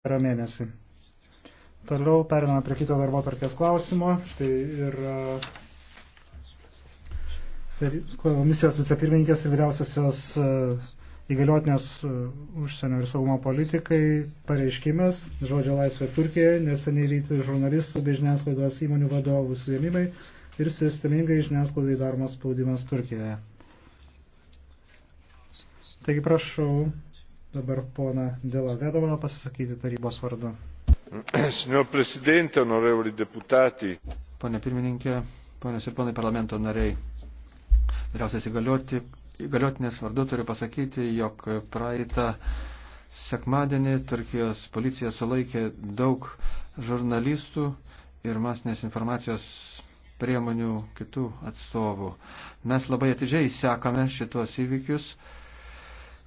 vasario mėnesį. Toliau periname prie kito darbo tarkės klausimo. E, tai yra tai komisijos vicepirmininkės ir vyriausiosios e, įgaliotinės e, užsienio ir saugumo politikai pareiškimas žodžio laisvė Turkijoje neseniai vykti žurnalistų bei žiniasklaidos įmonių vadovų suėmimai ir sistemingai žiniasklaidai daromas spaudimas Turkijoje. Taigi prašau dabar pona Delavedovą pasisakyti tarybos vardu. Signor Presidente, onorevoli deputati. Pone pirmininkė, ponios ir ponai parlamento nariai, vyriausias įgaliotinės vardu turiu pasakyti, jog praeitą sekmadienį Turkijos policija sulaikė daug žurnalistų ir masinės informacijos priemonių kitų atstovų. Mes labai atidžiai sekame šitos įvykius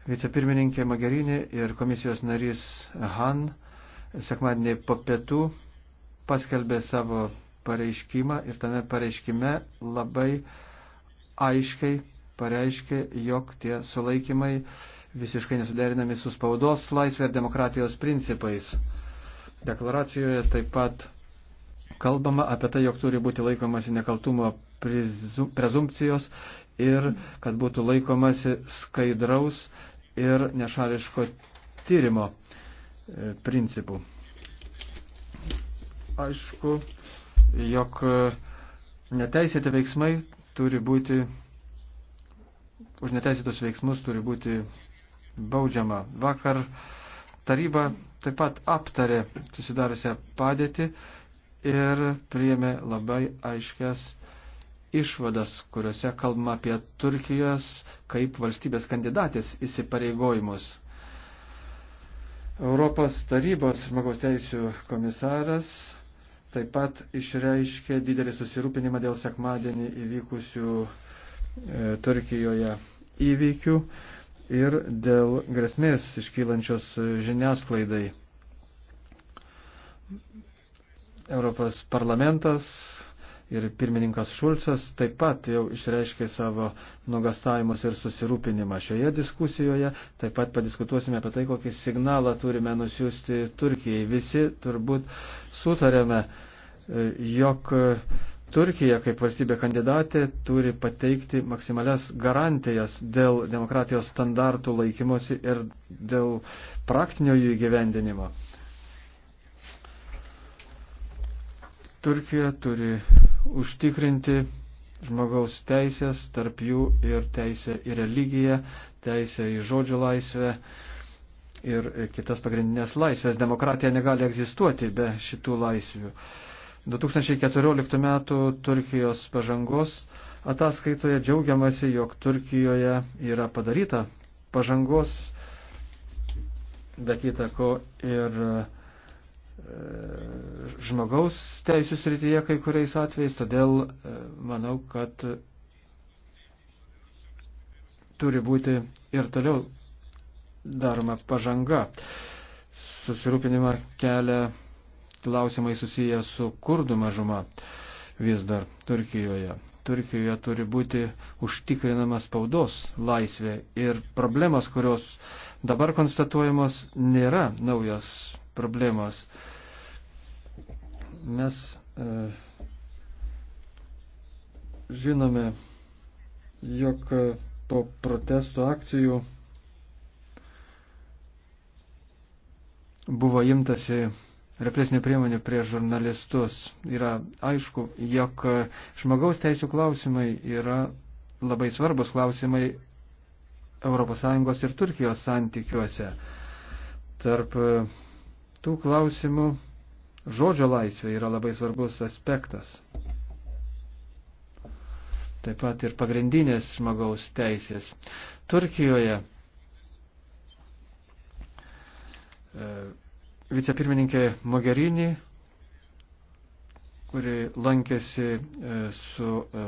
vicepirmininkė Magerinė ir komisijos narys Han sekmadienį po pietų paskelbė savo pareiškimą ir tame pareiškime labai aiškiai pareiškė, jog tie sulaikymai visiškai nesuderinami su spaudos laisvė ir demokratijos principais. Deklaracijoje taip pat kalbama apie tai, jog turi būti laikomasi nekaltumo prezumpcijos ir kad būtų laikomasi skaidraus ir nešališko tyrimo e, principų. Aišku, jog e, neteisėti veiksmai turi būti, už neteisėtus veiksmus turi būti baudžiama. Vakar taryba taip pat aptarė susidariusią padėtį ir priėmė labai aiškias išvadas, kuriuose kalbama apie Turkijos kaip valstybės kandidatės įsipareigojimus. Europos tarybos žmogaus teisų komisaras taip pat išreiškė didelį susirūpinimą dėl sekmadienį įvykusių e, Turkijoje įvykių ir dėl grėsmės iškylančios žiniasklaidai. Europos parlamentas ir pirmininkas Šulcas taip pat jau išreiškė savo nugastavimus ir susirūpinimą šioje diskusijoje. Taip pat padiskutuosime apie tai, kokį signalą turime nusiųsti Turkijai. Visi turbūt sutarėme, e, jog Turkija kaip valstybė kandidatė turi pateikti maksimalias garantijas dėl demokratijos standartų laikymosi ir dėl praktinio jų įgyvendinimo. Turkija turi užtikrinti žmogaus teisės, tarp jų ir teisė į religiją, teisė į žodžio laisvę ir kitas pagrindinės laisvės. Demokratija negali egzistuoti be šitų laisvių. 2014 m. Turkijos pažangos ataskaitoje džiaugiamasi, jog Turkijoje yra padaryta pažangos, be kita ko ir E, žmogaus teisų srityje kai kuriais atvejais, todėl e, manau, kad turi būti ir toliau daroma pažanga. Susirūpinimą kelia klausimai susiję su kurdų mažuma vis dar Turkijoje. Turkijoje turi būti užtikrinama spaudos laisvė ir problemas, kurios dabar konstatuojamos, nėra naujas problemos. Mes e, žinome, jog po protesto akcijų buvo imtasi represinių priemonių prie žurnalistus. Yra aišku, jog žmogaus teisų klausimai yra labai svarbus klausimai ES ir Turkijos santykiuose. Tarp tų klausimų žodžio laisvė yra labai svarbus aspektas. Taip pat ir pagrindinės žmogaus teisės. Turkijoje e, vicepirmininkė Mogherini, kuri lankėsi e, su e,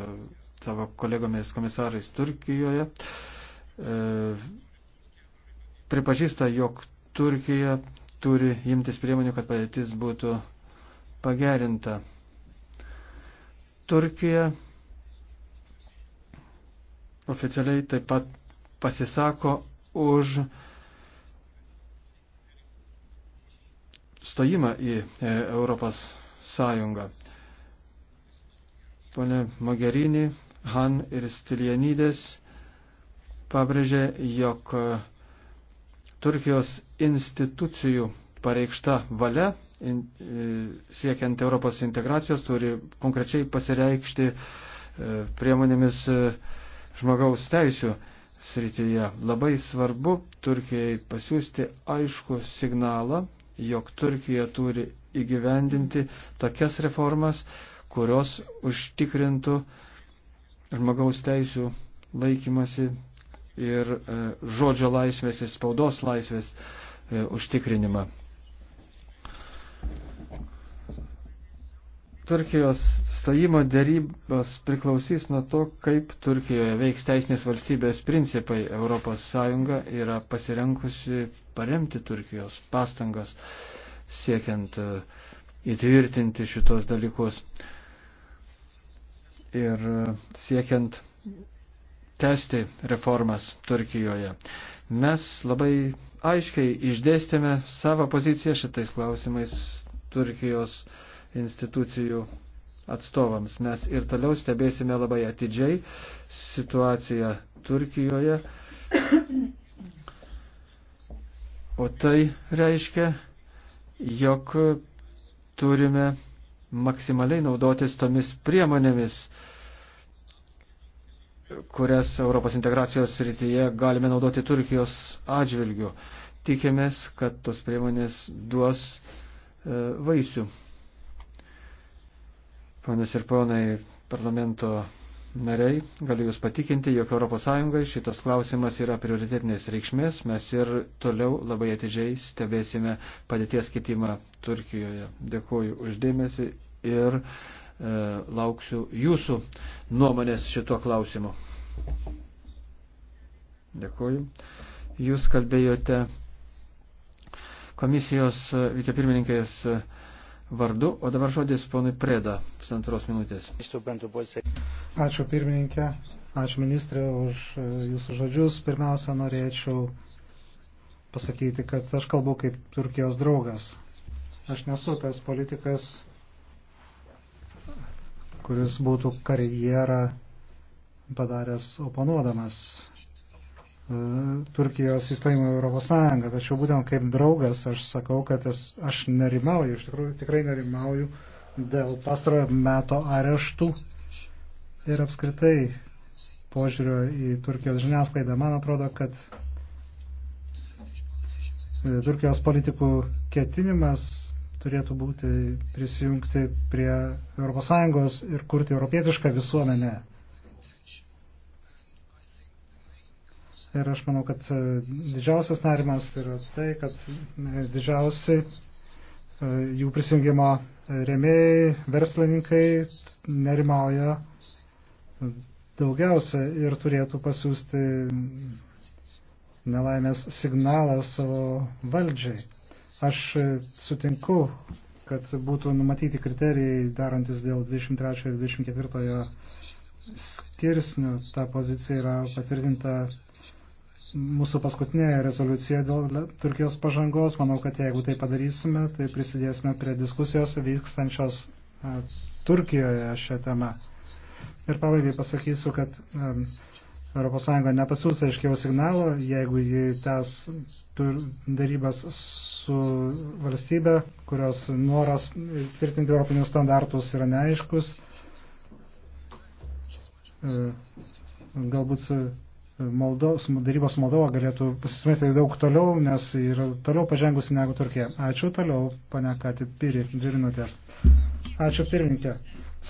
savo kolegomis komisarais Turkijoje, e, pripažįsta, jog Turkija turi imtis priemonių, kad padėtis būtų pagerinta. Turkija oficialiai taip pat pasisako už stojimą į e, Europos Sąjungą. Pone Mogherini, Han ir Stilienydės pabrėžė, jog Turkijos institucijų pareikšta valia in, e, siekiant Europos integracijos turi konkrečiai pasireikšti e, priemonėmis e, žmogaus teisų srityje. Labai svarbu Turkijai pasiūsti aišku signalą, jog Turkija turi įgyvendinti tokias reformas, kurios užtikrintų žmogaus teisų laikymasi ir e, žodžio laisvės ir spaudos laisvės e, užtikrinimą. Turkijos stojimo dėrybos priklausys nuo to, kaip Turkijoje veiks teisinės valstybės principai. ES yra pasirenkusi paremti Turkijos pastangas siekiant e, įtvirtinti šitos dalykus ir siekiant tęsti reformas Turkijoje. Mes labai aiškiai išdėstėme savo poziciją šitais klausimais Turkijos institucijų atstovams. Mes ir toliau stebėsime labai atidžiai situaciją Turkijoje. O tai reiškia, jog turime maksimaliai naudotis tomis priemonėmis, kurias Europos integracijos srityje galime naudoti Turkijos atžvilgiu. Tikimės, kad tos priemonės duos e, vaisių. Panas ir ponai parlamento nariai, galiu Jūs patikinti, jog ES šitas klausimas yra prioritetinės reikšmės. Mes ir toliau labai atidžiai stebėsime padėties kitimą Turkijoje. Dėkuoju uždėmesi ir E, lauksiu jūsų nuomonės šito klausimu. Dėkuoju. Jūs kalbėjote komisijos vicepirmininkės vardu, o dabar žodis ponui Preda, pusantros minutės. Ačiū pirmininkė, ačiū ministrė už jūsų žodžius. Pirmiausia, norėčiau pasakyti, kad aš kalbu kaip Turkijos draugas. Aš nesu tas politikas, kuris būtų karjerą padaręs oponuodamas e, Turkijos įstojimą į Europos Sąjungą. Tačiau būtent kaip draugas aš sakau, kad es, aš nerimauju, iš tikrųjų tikrai nerimauju dėl pastarojo meto areštų ir apskritai požiūrio į Turkijos žiniasklaidą. Man atrodo, kad e, Turkijos politikų ketinimas turėtų būti prisijungti prie ES ir kurti europietišką visuomenę. Ir aš manau, kad e, didžiausias nerimas tai yra tai, kad e, didžiausi e, jų prisijungimo remėjai, verslininkai nerimauja daugiausia ir turėtų pasiūsti nelaimės signalą savo valdžiai. Aš sutinku, kad būtų numatyti kriterijai darantis dėl 23 ir 24 skirsnių. Ta pozicija yra patvirtinta mūsų paskutinėje rezoliucijoje dėl Turkijos pažangos. Manau, kad jeigu tai padarysime, tai prisidėsime prie diskusijos vykstančios Turkijoje šią temą. Ir pabaigai pasakysiu, kad ES nepasiūs aiškiau signalo, jeigu jį tęs darybas su valstybė, kurios noras tvirtinti europinius standartus yra neaiškus. E, galbūt e, Moldovos, darybos Moldova galėtų pasisimėti daug toliau, nes yra toliau pažengusi negu Turkija. Ačiū toliau, pane Kati Piri, dvi minutės. Ačiū pirmininkė.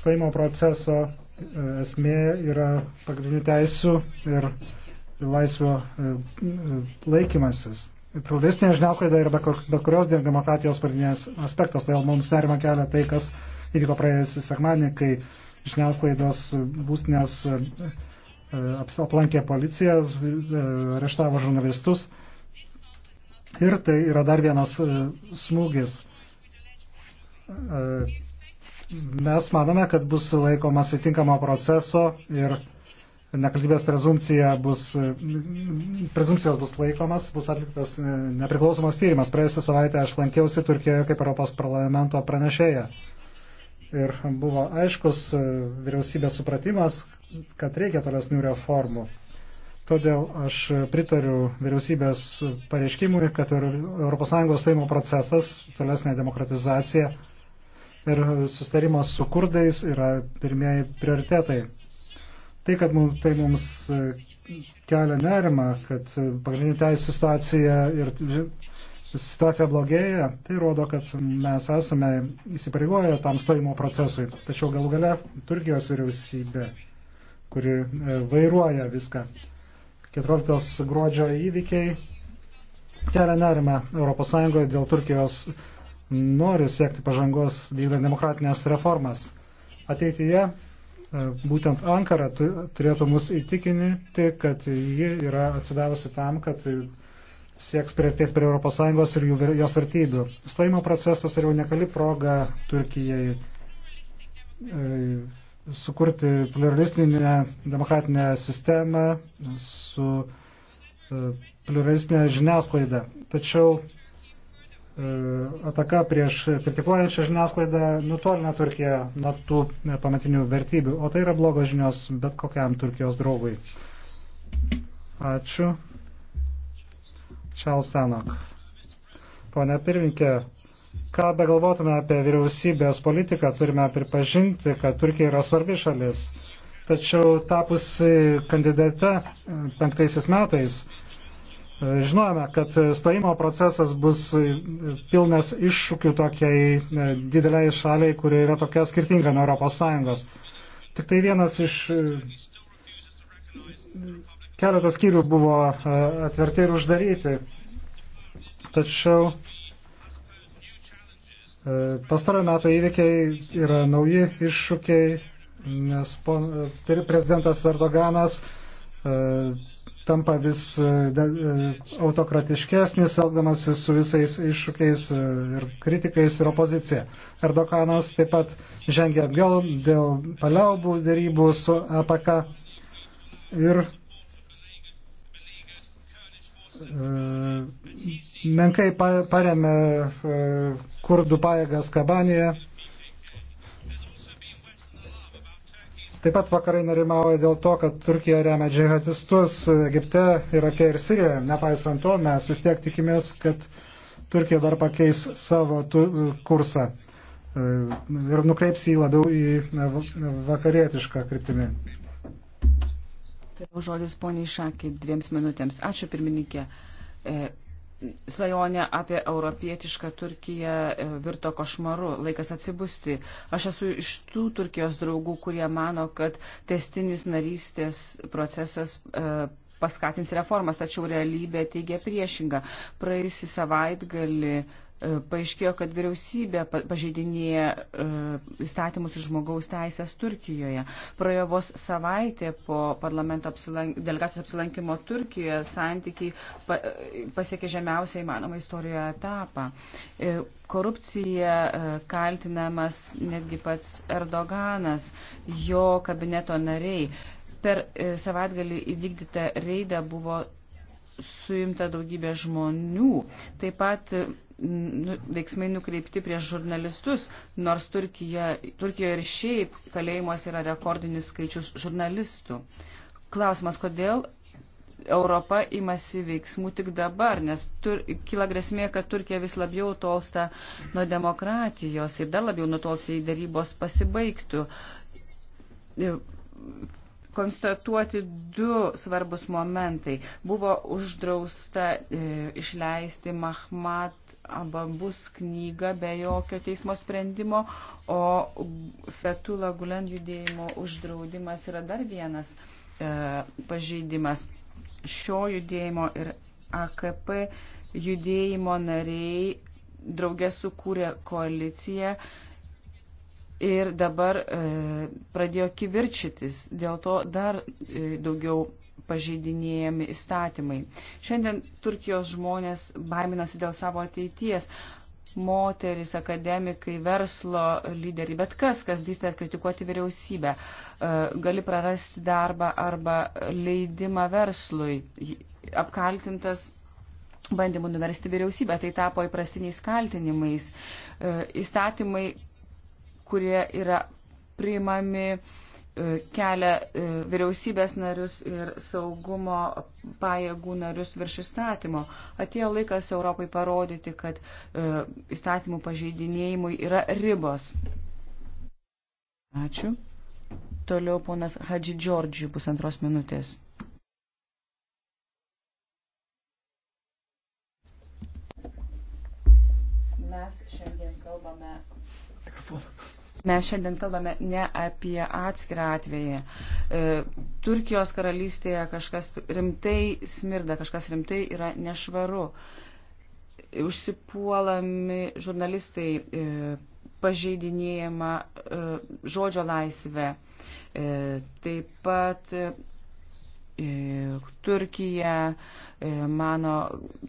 Slaimo proceso E, esmė yra pagrindinių teisų ir laisvo e, e, laikymasis. Pluralistinė žiniasklaida yra bet kurios demokratijos pagrindinės aspektas, todėl mums nerima kelia tai, kas įvyko praėjusį sekmanį, kai žiniasklaidos būstinės aplankė policiją, areštavo žurnalistus. Ir tai yra dar vienas smūgis Mes manome, kad bus laikomas įtinkamo proceso ir nekalbės prezumcija bus, prezumcijos bus laikomas, bus atliktas nepriklausomas tyrimas. Praėjusią savaitę aš lankiausi Turkijoje kaip Europos parlamento pranešėja. Ir buvo aiškus e, vyriausybės supratimas, kad reikia tolesnių reformų. Todėl aš pritariu vyriausybės pareiškimui, kad ES taimo procesas, tolesnė demokratizacija ir sustarimas su kurdais yra pirmieji prioritetai. Tai, kad mums, tai mums e, kelia nerima, kad e, pagrindinė teisų situacija ir situacija blogėja, tai rodo, kad mes esame įsipareigoję tam stojimo procesui. Tačiau galų gale Turkijos vyriausybė, kuri e, vairuoja viską. 14 gruodžio įvykiai kelia nerima ES dėl Turkijos nori siekti pažangos vykdant demokratinės reformas. Ateityje e, būtent Ankara turėtų mus įtikinti, kad ji yra atsidavusi tam, kad sieks prieartėti prie ES ir jų, jos vertybių. Stojimo procesas yra unikali proga Turkijai e, sukurti pluralistinę demokratinę sistemą su e, pluralistinė žiniasklaida. Tačiau E, ataka prieš kritikuojančią žiniasklaidą nutolina Turkiją nuo tų e, pamatinių vertybių, o tai yra blogos žinios bet kokiam Turkijos draugui. Ačiū. Charles Tanok. Pone pirminkė, ką begalvotume apie vyriausybės politiką, turime pripažinti, kad Turkija yra svarbi šalis. Tačiau tapusi kandidate e, penktaisiais metais, Žinojame, kad stojimo procesas bus pilnas iššūkių tokiai e, dideliai šaliai, kuri yra tokia skirtinga nuo Europos Sąjungos. Tik tai vienas iš e, keletas skyrių buvo e, atverti ir uždaryti. Tačiau pastarojo metų įvykiai yra nauji iššūkiai, nes prezidentas Erdoganas tampa vis e, e, autokratiškesnis, elgdamasis su visais iššūkiais e, ir kritikais ir opozicija. Erdoganas taip pat žengia atgal dėl paliaubų dėrybų su APK ir menkai paremė kurdų pajėgas Kabanėje Taip pat vakarai nerimauja dėl to, kad Turkija remia džihadistus Egipte, Irake ir Sirijoje. Nepaisant to, mes vis tiek tikimės, kad Turkija dar pakeis savo tu, kursą e, ir nukreips jį labiau į e, e, vakarietišką kryptimį. Toliau žodis poniai Šakiai dviems minutėms. Ačiū pirmininkė svajonė apie europietišką Turkiją e, virto košmaru, laikas atsibusti. Aš esu iš tų Turkijos draugų, kurie mano, kad testinis narystės procesas e, paskatins reformas, tačiau realybė teigia priešingą. Praėjusį savaitgalį E, paaiškėjo, kad vyriausybė pažeidinėja e, įstatymus ir žmogaus teisės Turkijoje. Praėjo vos savaitė po parlamento apsilank, delegacijos apsilankimo Turkijoje santykiai pa, e, pasiekė žemiausią įmanomą istorijoje etapą. Korupcija kaltinamas netgi pats Erdoganas, jo kabineto nariai. Per savaitgalį įvykdytą reidą buvo suimta daugybė žmonių. Taip pat Nu, veiksmai nukreipti prieš žurnalistus, nors Turkija, Turkijoje ir šiaip kalėjimuose yra rekordinis skaičius žurnalistų. Klausimas, kodėl Europa imasi veiksmų tik dabar, nes tur, kyla grėsmė, kad Turkija vis labiau tolsta nuo demokratijos ir dar labiau nutolsta į darybos pasibaigtų. Konstatuoti du svarbus momentai. Buvo uždrausta e, išleisti Mahmat Abambus knygą be jokio teismo sprendimo, o Fetula Gulen judėjimo uždraudimas yra dar vienas e, pažeidimas. Šio judėjimo ir AKP judėjimo nariai draugė sukūrė koaliciją ir dabar e, pradėjo kivirčytis. Dėl to dar e, daugiau pažeidinėjami įstatymai. Šiandien Turkijos žmonės baiminasi dėl savo ateities. Moteris, akademikai, verslo lyderiai, bet kas, kas drįsta kritikuoti vyriausybę, e, gali prarasti darbą arba leidimą verslui, apkaltintas bandymų nuversti vyriausybę. Tai tapo įprastiniais kaltinimais. E, įstatymai, kurie yra priimami E, kelia e, vyriausybės narius ir saugumo pajėgų narius virš įstatymo. Atėjo laikas Europai parodyti, kad e, įstatymų pažeidinėjimui yra ribos. Ačiū. Toliau ponas Hadži Džordžiui pusantros minutės. Mes šiandien kalbame. Mikrofoną. Mes šiandien kalbame ne apie atskirą atvejį. E, Turkijos karalystėje kažkas rimtai smirda, kažkas rimtai yra nešvaru. Užsipuolami žurnalistai e, pažeidinėjama e, žodžio laisvė. E, taip pat e, Turkija e, mano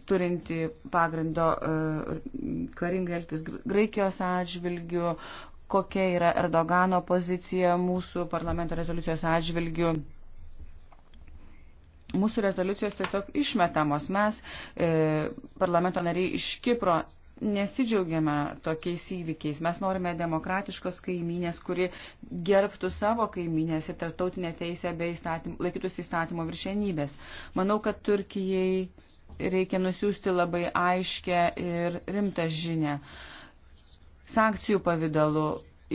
turinti pagrindo e, karingai elgtis Graikijos atžvilgių, kokia yra Erdogano pozicija mūsų parlamento rezoliucijos atžvilgių. Mūsų rezoliucijos tiesiog išmetamos. Mes, e, parlamento nariai iš Kipro, nesidžiaugiame tokiais įvykiais. Mes norime demokratiškos kaimynės, kuri gerbtų savo kaimynės ir tarptautinę teisę bei įstatym, laikytųsi įstatymo viršenybės. Manau, kad Turkijai reikia nusiųsti labai aiškę ir rimtą žinę. E, sankcijų pavydalu.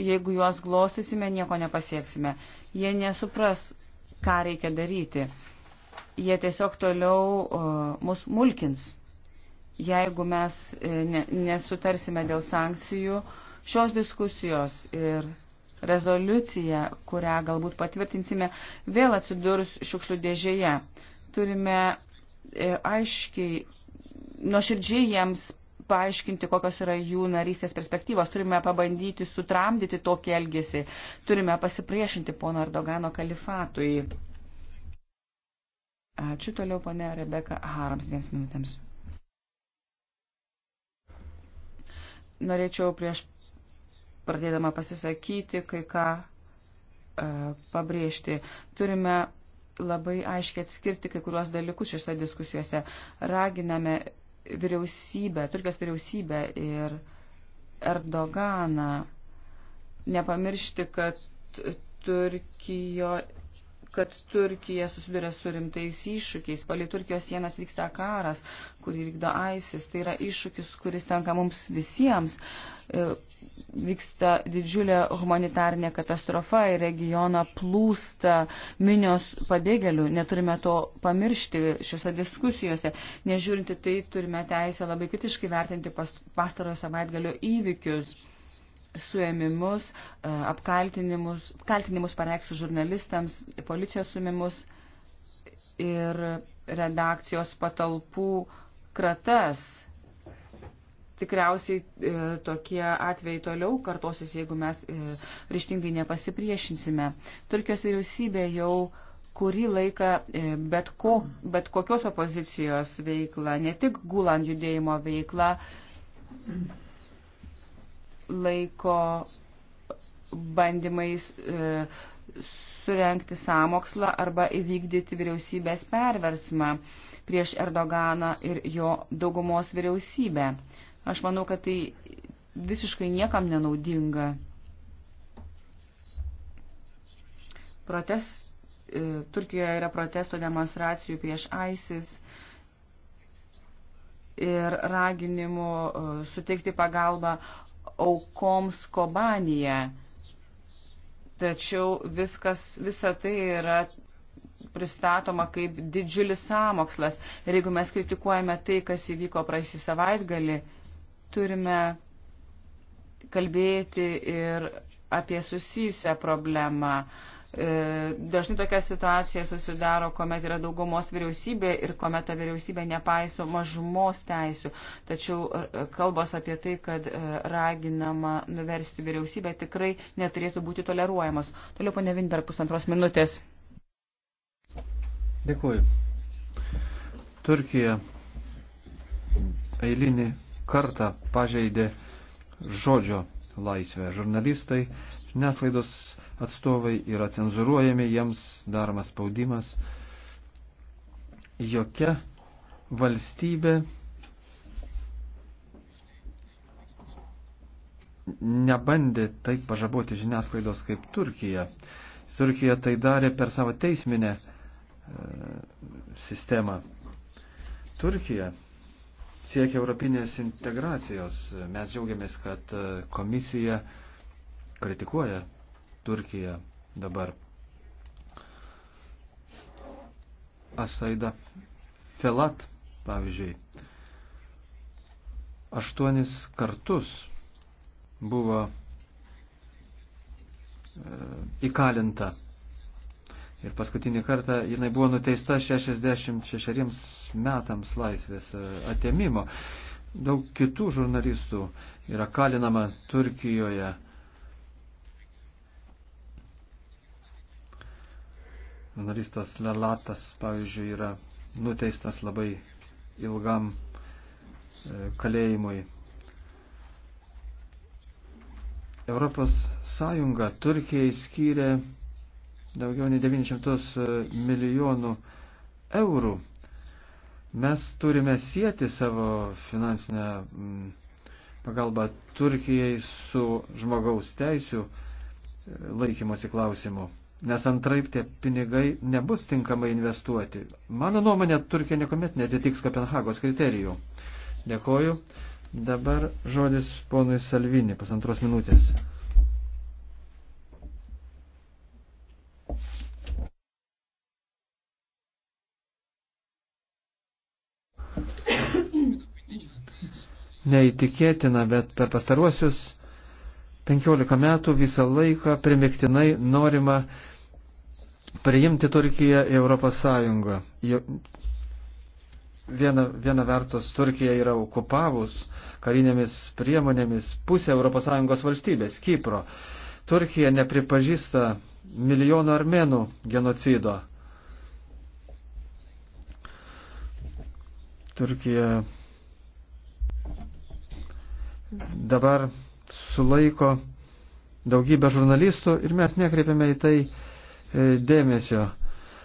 Jeigu juos glostysime, nieko nepasieksime. Jie nesupras, ką reikia daryti. Jie tiesiog toliau uh, mus mulkins. Jeigu mes e, ne, nesutarsime dėl sankcijų, šios diskusijos ir rezoliucija, kurią galbūt patvirtinsime, vėl atsidurs šiukšlių dėžėje. Turime e, aiškiai nuoširdžiai jiems paaiškinti, kokios yra jų narystės perspektyvos. Turime pabandyti sutramdyti tokį elgesį. Turime pasipriešinti pono Erdogano kalifatui. Ačiū toliau, ponė Rebeka Harams, vienas minutėms. Norėčiau prieš pradėdama pasisakyti, kai ką e, pabrėžti. Turime labai aiškiai atskirti kai kuriuos dalykus šiose diskusijose. Raginame vyriausybę, Turkijos vyriausybę ir Erdoganą. Nepamiršti, kad Turkijoje kad Turkija susiduria su rimtais iššūkiais. Palei Turkijos sienas vyksta karas, kurį vykdo ISIS. Tai yra iššūkis, kuris tenka mums visiems. E, vyksta didžiulė humanitarnė katastrofa ir regioną plūsta minios pabėgėlių. Neturime to pamiršti šiuose diskusijose. Nežiūrinti tai, turime teisę labai kritiškai vertinti pastarojo savaitgalio įvykius suėmimus, e, apkaltinimus, kaltinimus pareikštus žurnalistams, policijos suėmimus ir redakcijos patalpų kratas. Tikriausiai e, tokie atvejai toliau kartosis, jeigu mes e, ryštingai nepasipriešinsime. Turkijos vyriausybė jau kurį laiką e, bet, ko, bet kokios opozicijos veikla, ne tik gulant judėjimo veikla, laiko bandymais e, surenkti sąmokslą arba įvykdyti vyriausybės perversmą prieš Erdoganą ir jo daugumos vyriausybę. Aš manau, kad tai visiškai niekam nenaudinga. Protest, e, Turkijoje yra protesto demonstracijų prieš ISIS ir raginimų e, suteikti pagalbą aukoms Kobanėje. Tačiau viskas, visa tai yra pristatoma kaip didžiulis samokslas. Ir jeigu mes kritikuojame tai, kas įvyko praeisį savaitgalį, turime kalbėti ir apie susijusią problemą. Uh, E, dažnai tokia situacija susidaro, kuomet yra daugumos vyriausybė ir kuomet ta vyriausybė nepaiso mažumos teisių. Tačiau e, kalbos apie tai, kad e, raginama nuversti vyriausybę, tikrai neturėtų būti toleruojamos. Toliau, ponė Vinberg, pusantros minutės. Dėkuoju. Turkija eilinį kartą pažeidė žodžio laisvę. Žurnalistai žiniasklaidos atstovai yra cenzuruojami, jiems daromas spaudimas. Jokia valstybė nebandė taip pažaboti žiniasklaidos kaip Turkija. Turkija tai darė per savo teisminę e, sistemą. Turkija siekia europinės integracijos. Mes džiaugiamės, kad e, komisija kritikuoja Turkiją dabar. Asaida Felat, pavyzdžiui, aštuonis kartus buvo e, įkalinta. Ir paskutinį kartą jinai buvo nuteista 66 metams laisvės e, atėmimo. Daug kitų žurnalistų yra kalinama Turkijoje Žurnalistas Lelatas, pavyzdžiui, yra nuteistas labai ilgam e, kalėjimui. Europos Sąjunga Turkijai skyrė daugiau nei 900 e, milijonų eurų. Mes turime sieti savo finansinę pagalbą Turkijai su žmogaus teisų e, laikymosi klausimu nes antraip tie pinigai nebus tinkamai investuoti. Mano nuomonė, Turkija niekuomet netitiks Kopenhagos kriterijų. Dėkoju. Dabar žodis ponui Salvini, pusantros minutės. Neįtikėtina, bet per pastaruosius 15 metų visą laiką primiktinai norima priimti Turkiją į Europos Sąjungą. Viena, viena vertus, Turkija yra okupavus karinėmis priemonėmis pusę Europos Sąjungos valstybės, Kipro. Turkija nepripažįsta milijono armenų genocido. Turkija dabar sulaiko daugybę žurnalistų ir mes nekreipiame į tai dėmesio.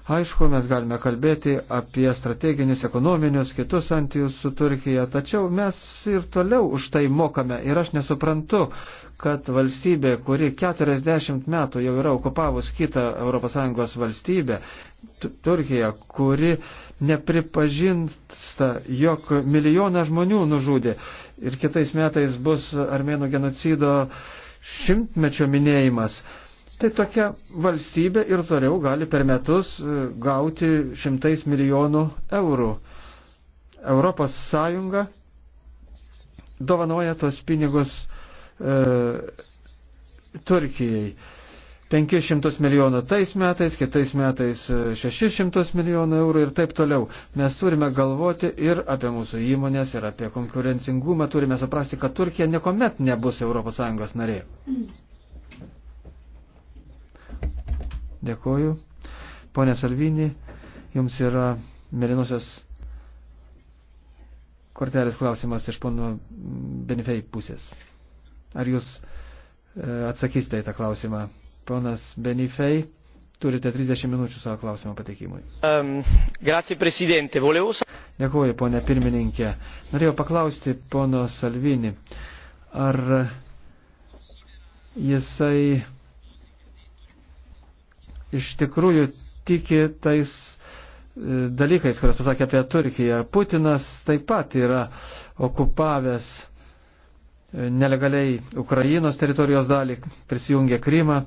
Aišku, mes galime kalbėti apie strateginius, ekonominius, kitus santykius su Turkija, tačiau mes ir toliau už tai mokame. Ir aš nesuprantu, kad valstybė, kuri 40 metų jau yra okupavus kitą ES valstybę, Turkija, kuri nepripažinsta, jog milijoną žmonių nužudė ir kitais metais bus armėnų genocido šimtmečio minėjimas. Tai tokia valstybė ir toliau gali per metus e, gauti šimtais milijonų eurų. Europos Sąjunga dovanoja tos pinigus e, Turkijai. 500 milijonų tais metais, kitais metais 600 e, milijonų eurų ir taip toliau. Mes turime galvoti ir apie mūsų įmonės, ir apie konkurencingumą. Turime suprasti, kad Turkija niekuomet nebus ES narė. Mm. Dėkoju. Pone Salvini, jums yra mėlynosios kortelės klausimas iš pono Benefei pusės. Ar jūs e, atsakysite į tą klausimą? Ponas Benefei, turite 30 minučių savo klausimą pateikimui. Um, grazie, prezidente. Volevo... Dėkuoju, ponė pirmininkė. Norėjau paklausti pono Salvini, ar jisai iš tikrųjų tiki tais e, dalykais, kuriuos pasakė apie Turkiją. Putinas taip pat yra okupavęs e, nelegaliai Ukrainos teritorijos dalį, prisijungė Krymą.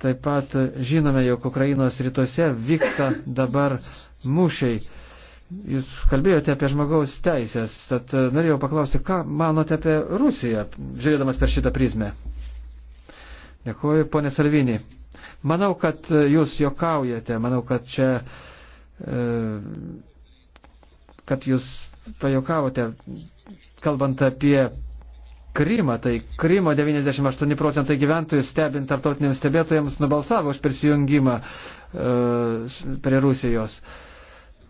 Taip pat žinome, jog Ukrainos rytuose vyksta dabar mūšiai. Jūs kalbėjote apie žmogaus teisės, tad e, norėjau paklausti, ką manote apie Rusiją, žiūrėdamas per šitą prizmę. Dėkuoju, ponė Salvinį. Manau, kad e, jūs jokaujate, manau, kad čia, e, kad jūs pajokavote, kalbant apie Krymą, tai Krymo 98 procentai gyventojų stebint tarptautiniams stebėtojams nubalsavo už prisijungimą e, prie Rusijos.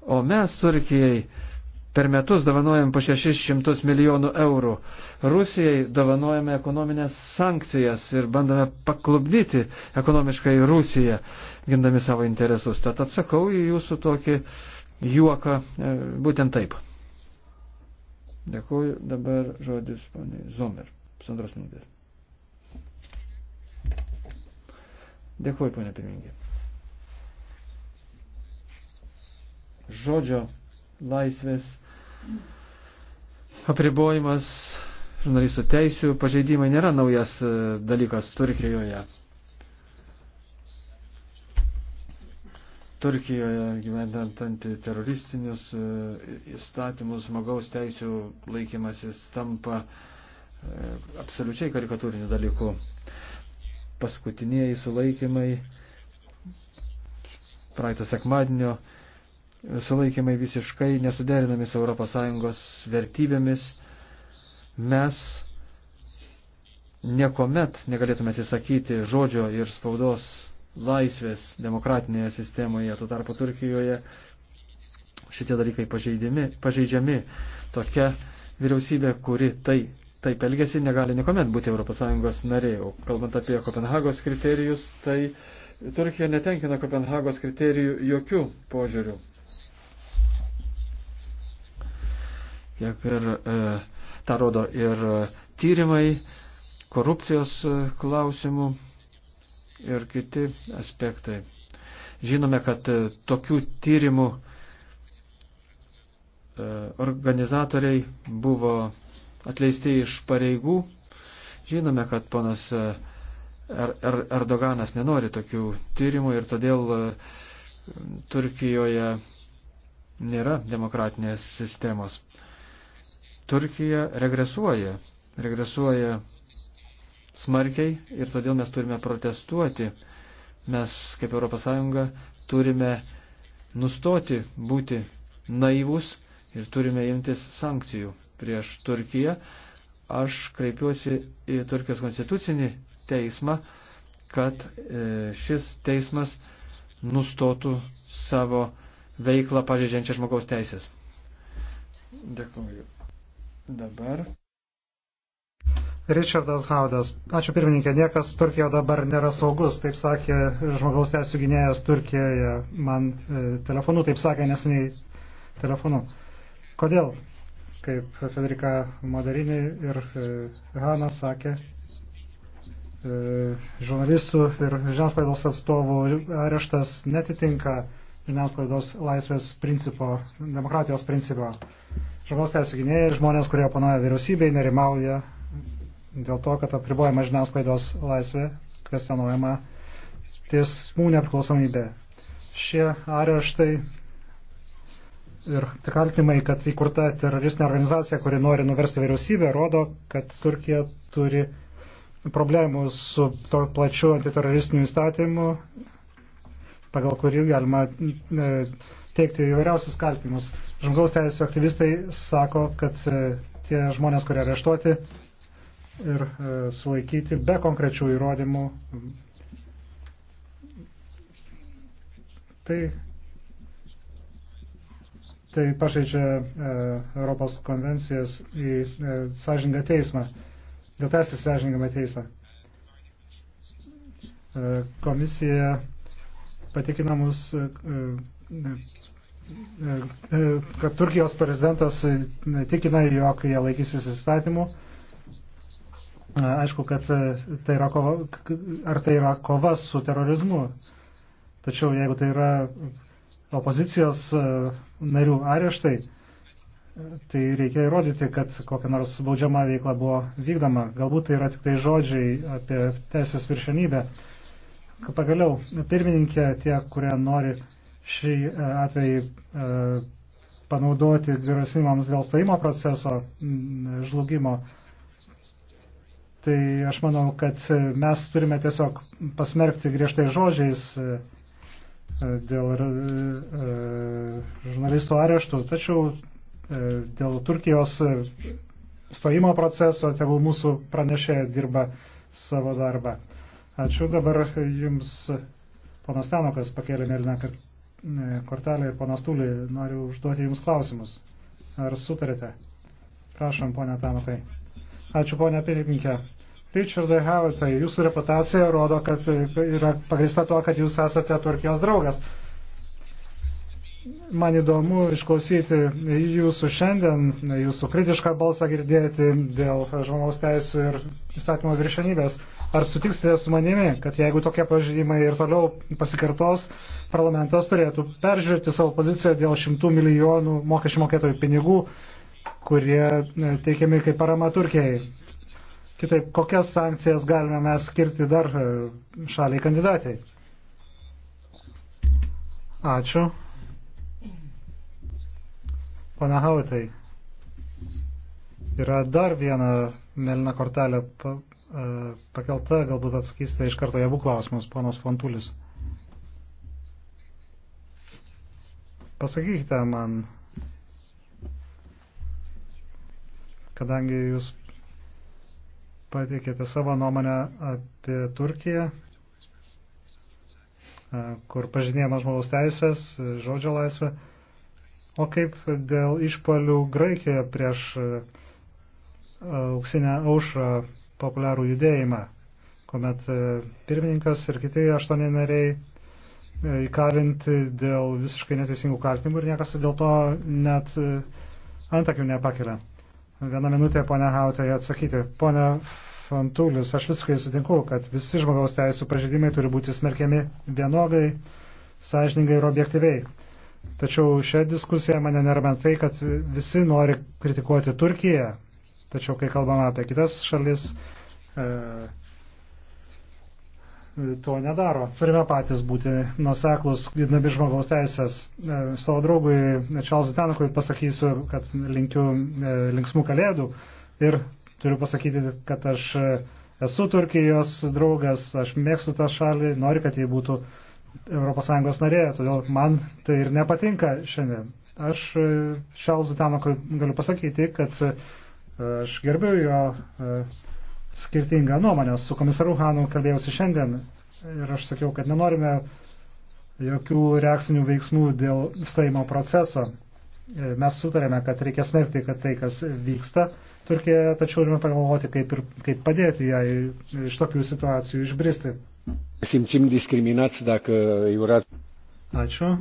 O mes Turkijai Per metus davanojam po 600 milijonų eurų. Rusijai davanojame ekonominės sankcijas ir bandome paklubdyti ekonomiškai Rusiją, gindami savo interesus. Tad atsakau į jūsų tokį juoką e, būtent taip. Dėkuoju. Dabar žodis poniai Zomer. Pusantros minutės. Dėkuoju, ponia pirmingė. Žodžio laisvės apribojimas, žurnalistų teisių pažeidimai nėra naujas e, dalykas Turkijoje. Turkijoje gyventant antiteroristinius e, įstatymus žmogaus teisių laikymasis tampa e, absoliučiai karikatūriniu dalyku. Paskutiniai sulaikymai praeitą sekmadienio sulaikymai visiškai nesuderinami su ES vertybėmis, mes niekuomet negalėtume atsisakyti žodžio ir spaudos laisvės demokratinėje sistemoje. Tuo tarpu Turkijoje šitie dalykai pažeidžiami. Tokia vyriausybė, kuri tai taip elgesi, negali niekuomet būti ES narė. O kalbant apie Kopenhagos kriterijus, tai Turkija netenkina Kopenhagos kriterijų jokių požiūrių. tiek ir e, tą rodo ir tyrimai, korupcijos e, klausimų ir kiti aspektai. Žinome, kad e, tokių tyrimų e, organizatoriai buvo atleisti iš pareigų. Žinome, kad ponas er, er, Erdoganas nenori tokių tyrimų ir todėl Turkijoje nėra demokratinės sistemos. Turkija regresuoja, regresuoja smarkiai ir todėl mes turime protestuoti. Mes kaip ES turime nustoti būti naivus ir turime imtis sankcijų prieš Turkiją. Aš kreipiuosi į Turkijos konstitucinį teismą, kad e, šis teismas nustotų savo veiklą pažeidžiančią žmogaus teisės. Dėkuoju. Dabar. Richardas Haudas. Ačiū pirmininkė, niekas Turkijoje dabar nėra saugus, taip sakė žmogaus teisų gynėjas Turkijoje, man e, telefonu taip sakė nesiniai telefonu. Kodėl? Kaip Federika Modarinė ir e, Hanna sakė, e, žurnalistų ir žiniasklaidos atstovų areštas netitinka žiniasklaidos laisvės principo, demokratijos principo. Žmogaus teisų gynėjai, žmonės, kurie oponuoja vyriausybei, nerimauja dėl to, kad apribojama žiniasklaidos laisvė, kvestionuojama tiesmų nepriklausomybė. Šie areštai ir kaltinimai, kad įkurta teroristinė organizacija, kuri nori nuversti vyriausybę, rodo, kad Turkija turi problemų su to plačiu antiteroristiniu įstatymu, pagal kurį galima e, teikti įvairiausius kaltinimus. Žmogaus teisų aktyvistai sako, kad e, tie žmonės, kurie areštuoti ir e, sulaikyti be konkrečių įrodymų, tai, tai pažeidžia e, Europos konvencijas į sąžingą teismą, dėl teisės sąžingamą teismą. Komisija patikinamus E, e, kad Turkijos prezidentas e, tikina, jog jie laikysis įstatymų. Aišku, kad tai yra kova, ar tai yra kova su terorizmu. Tačiau jeigu tai yra opozicijos narių areštai, tai reikia įrodyti, kad kokia nors baudžiama veikla buvo vykdoma. Galbūt tai yra tik tai žodžiai apie teisės viršenybę. Pagaliau, pirmininkė, tie, kurie nori šį e, atvejį e, panaudoti grasinimams dėl stojimo proceso žlugimo. Tai aš manau, kad mes turime tiesiog pasmerkti griežtai žodžiais e, dėl žurnalistų areštų, tačiau dėl Turkijos stojimo proceso, tegul mūsų pranešė dirba savo darbą. Ačiū dabar jums, ponas Tenokas, pakėlė mėlyną kartą. E, kortelė ir ponas Tūlį, noriu užduoti Jums klausimus. Ar sutarėte? Prašom, ponia Tamatai. Ačiū, ponia pirmininkė. Richardai Havitai, jūsų reputacija rodo, kad yra pagrįsta tuo, kad jūs esate Turkijos draugas. Man įdomu išklausyti jūsų šiandien, jūsų kritišką balsą girdėti dėl žmogaus teisų ir įstatymo viršenybės. Ar sutiksite su manimi, kad jeigu tokie pažydimai ir toliau pasikartos, parlamentas turėtų peržiūrėti savo poziciją dėl šimtų milijonų mokesčių mokėtojų pinigų, kurie e, teikiami kaip parama Turkijai? Kitaip, kokias sankcijas galime mes skirti dar e, šaliai kandidatai? Ačiū. Pana Hautai, yra dar viena melina kortelė e, pakelta, galbūt atsakysite iš karto javų klausimus, ponas Fontulis. Pasakykite man, kadangi jūs pateikėte savo nuomonę apie Turkiją, e, kur pažinėjama žmogaus teisės, žodžio laisvė. O kaip dėl išpalių Graikijoje prieš e, auksinę aušrą populiarų judėjimą, kuomet e, pirmininkas ir kiti aštuoni nariai e, įkalinti dėl visiškai neteisingų kaltinimų ir niekas dėl to net antakių nepakelia. Vieną minutę, ponia Hautė, atsakyti. Pone Fantulis, aš visiškai sutinku, kad visi žmogaus teisų pažeidimai turi būti smerkiami vienodai, sąžiningai ir objektyviai. Tačiau šią diskusiją mane nervina tai, kad visi nori kritikuoti Turkiją. Tačiau, kai kalbame apie kitas šalis, e, to nedaro. Turime patys būti nuseklus, gydami žmogaus teisės. E, savo draugui Čarlzui Tenakui pasakysiu, kad linkiu e, linksmų kalėdų ir turiu pasakyti, kad aš e, esu Turkijos draugas, aš mėgstu tą šalį, noriu, kad jie būtų e, ES narė, todėl man tai ir nepatinka šiandien. Aš Čarlzui e, Tanokui galiu pasakyti, kad e, aš gerbiu jo e, skirtingą nuomonę. Su komisaru Hanu kalbėjausi šiandien ir aš sakiau, kad nenorime jokių reakcinių veiksmų dėl stojimo proceso. Mes sutarėme, kad reikia smerkti, kad tai, kas vyksta Turkijoje, tačiau turime pagalvoti, kaip, ir, kaip padėti jai iš tokių situacijų išbristi. Simčim diskriminacija, dacă jūrat. Ačiū.